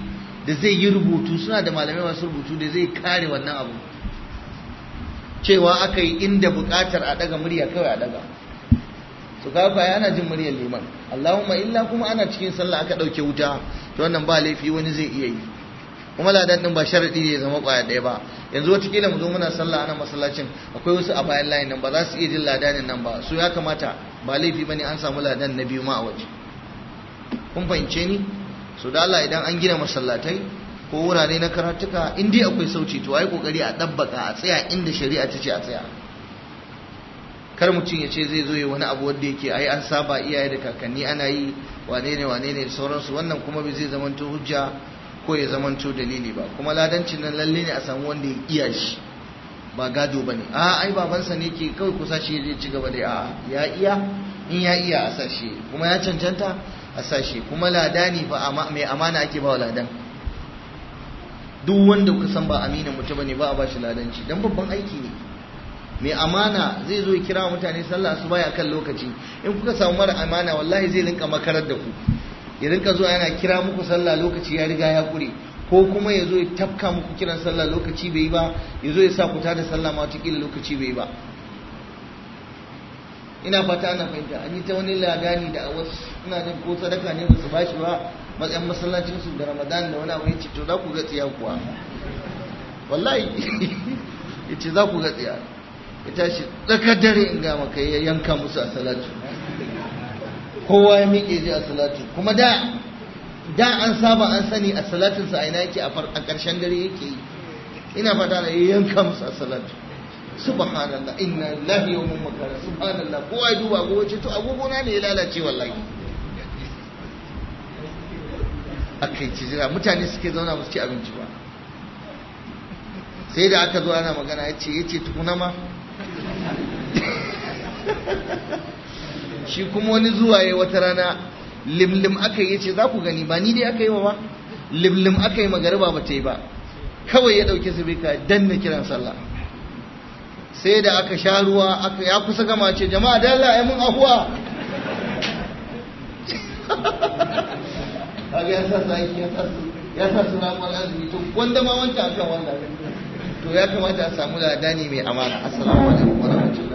da zai yi rubutu suna da malamai masu rubutu da zai kare wannan abu cewa aka yi inda buƙatar a ɗaga murya kawai a ɗaga to ka ba yana jin muryar liman Allahumma illa kuma ana cikin sallah aka dauke wuta to wannan ba laifi wani zai iya yi kuma ladan din ba sharadi ne zama kwaya ɗaya ba yanzu wata kila mu zo muna sallah ana masallacin akwai wasu a bayan layin nan ba za su iya jin ladanin nan ba so ya kamata ba laifi bane an samu ladan na biyu ma a waje kun fahimce ni so da Allah idan an gina masallatai ko wurare na karatuka in dai akwai sauci to ai kokari a dabbaka a tsaya inda shari'a ta ce a tsaya kar mutum ya ce zai zo ya wani abu wanda yake ai an saba iyaye da kakanni ana yi wane ne wane ne sauransu wannan kuma bai zai zamanto hujja ko ya zamanto dalili ba kuma ladancin nan lalle ne a samu wanda ya iya shi ba gado bane a ai babansa ne ke kawai kusa shi zai ci gaba da a ya iya in ya iya a sashe kuma ya cancanta a sashe kuma lada ne fa mai amana ake ba ladan duk wanda san ba aminin mutum ne ba a ba shi ladanci dan babban aiki ne mai amana zai zo kira mutane sallah su baya kan lokaci in kuka samu mara amana wallahi zai rinka makarar da ku ya rinka zuwa yana kira muku sallah lokaci ya riga ya kure ko kuma ya zo ya tafka muku kiran sallah lokaci bai yi ba ya zo ya sa ku tada sallah ma wataƙila lokaci bai yi ba ina fata ana fahimta an yi ta wani ladani da wasu ina jin ko sadaka ne ba su ba shi ba matsayin masallacin su da ramadan da wani abu ya ce to za ku ga tsiya kuwa wallahi ya ce za ku ga tsiya ya tashi tsakar dare in ga maka ya yanka musu a salatu kowa ya miƙe je a salatu kuma da da an saba an sani a salatinsa a ina yake a ƙarshen dare yake yi ina fata da ya yanka musu a salatu subhanallah inna lillahi wa inna ilaihi subhanallah kowa ya duba gobe ce to agogona ne ya lalace wallahi akai ci jira mutane suke zauna ba su ci abinci ba sai da aka zo ana magana ya ce ya ce tukuna ma shi kuma wani zuwa ya wata rana limlim aka yi ce za ku gani ba ni dai aka yi wa ba limlim aka yi magariba ba ta yi ba kawai ya ɗauki don danna kiran sallah sai da aka sha ruwa ya kusa gama ce jama'a da Allah ya mun ahuwa kaga ya sa zaki ya sa ya sa su ramar azumi to wanda ma wanta akan wanda to ya kamata a samu ladani mai amana assalamu alaikum warahmatullahi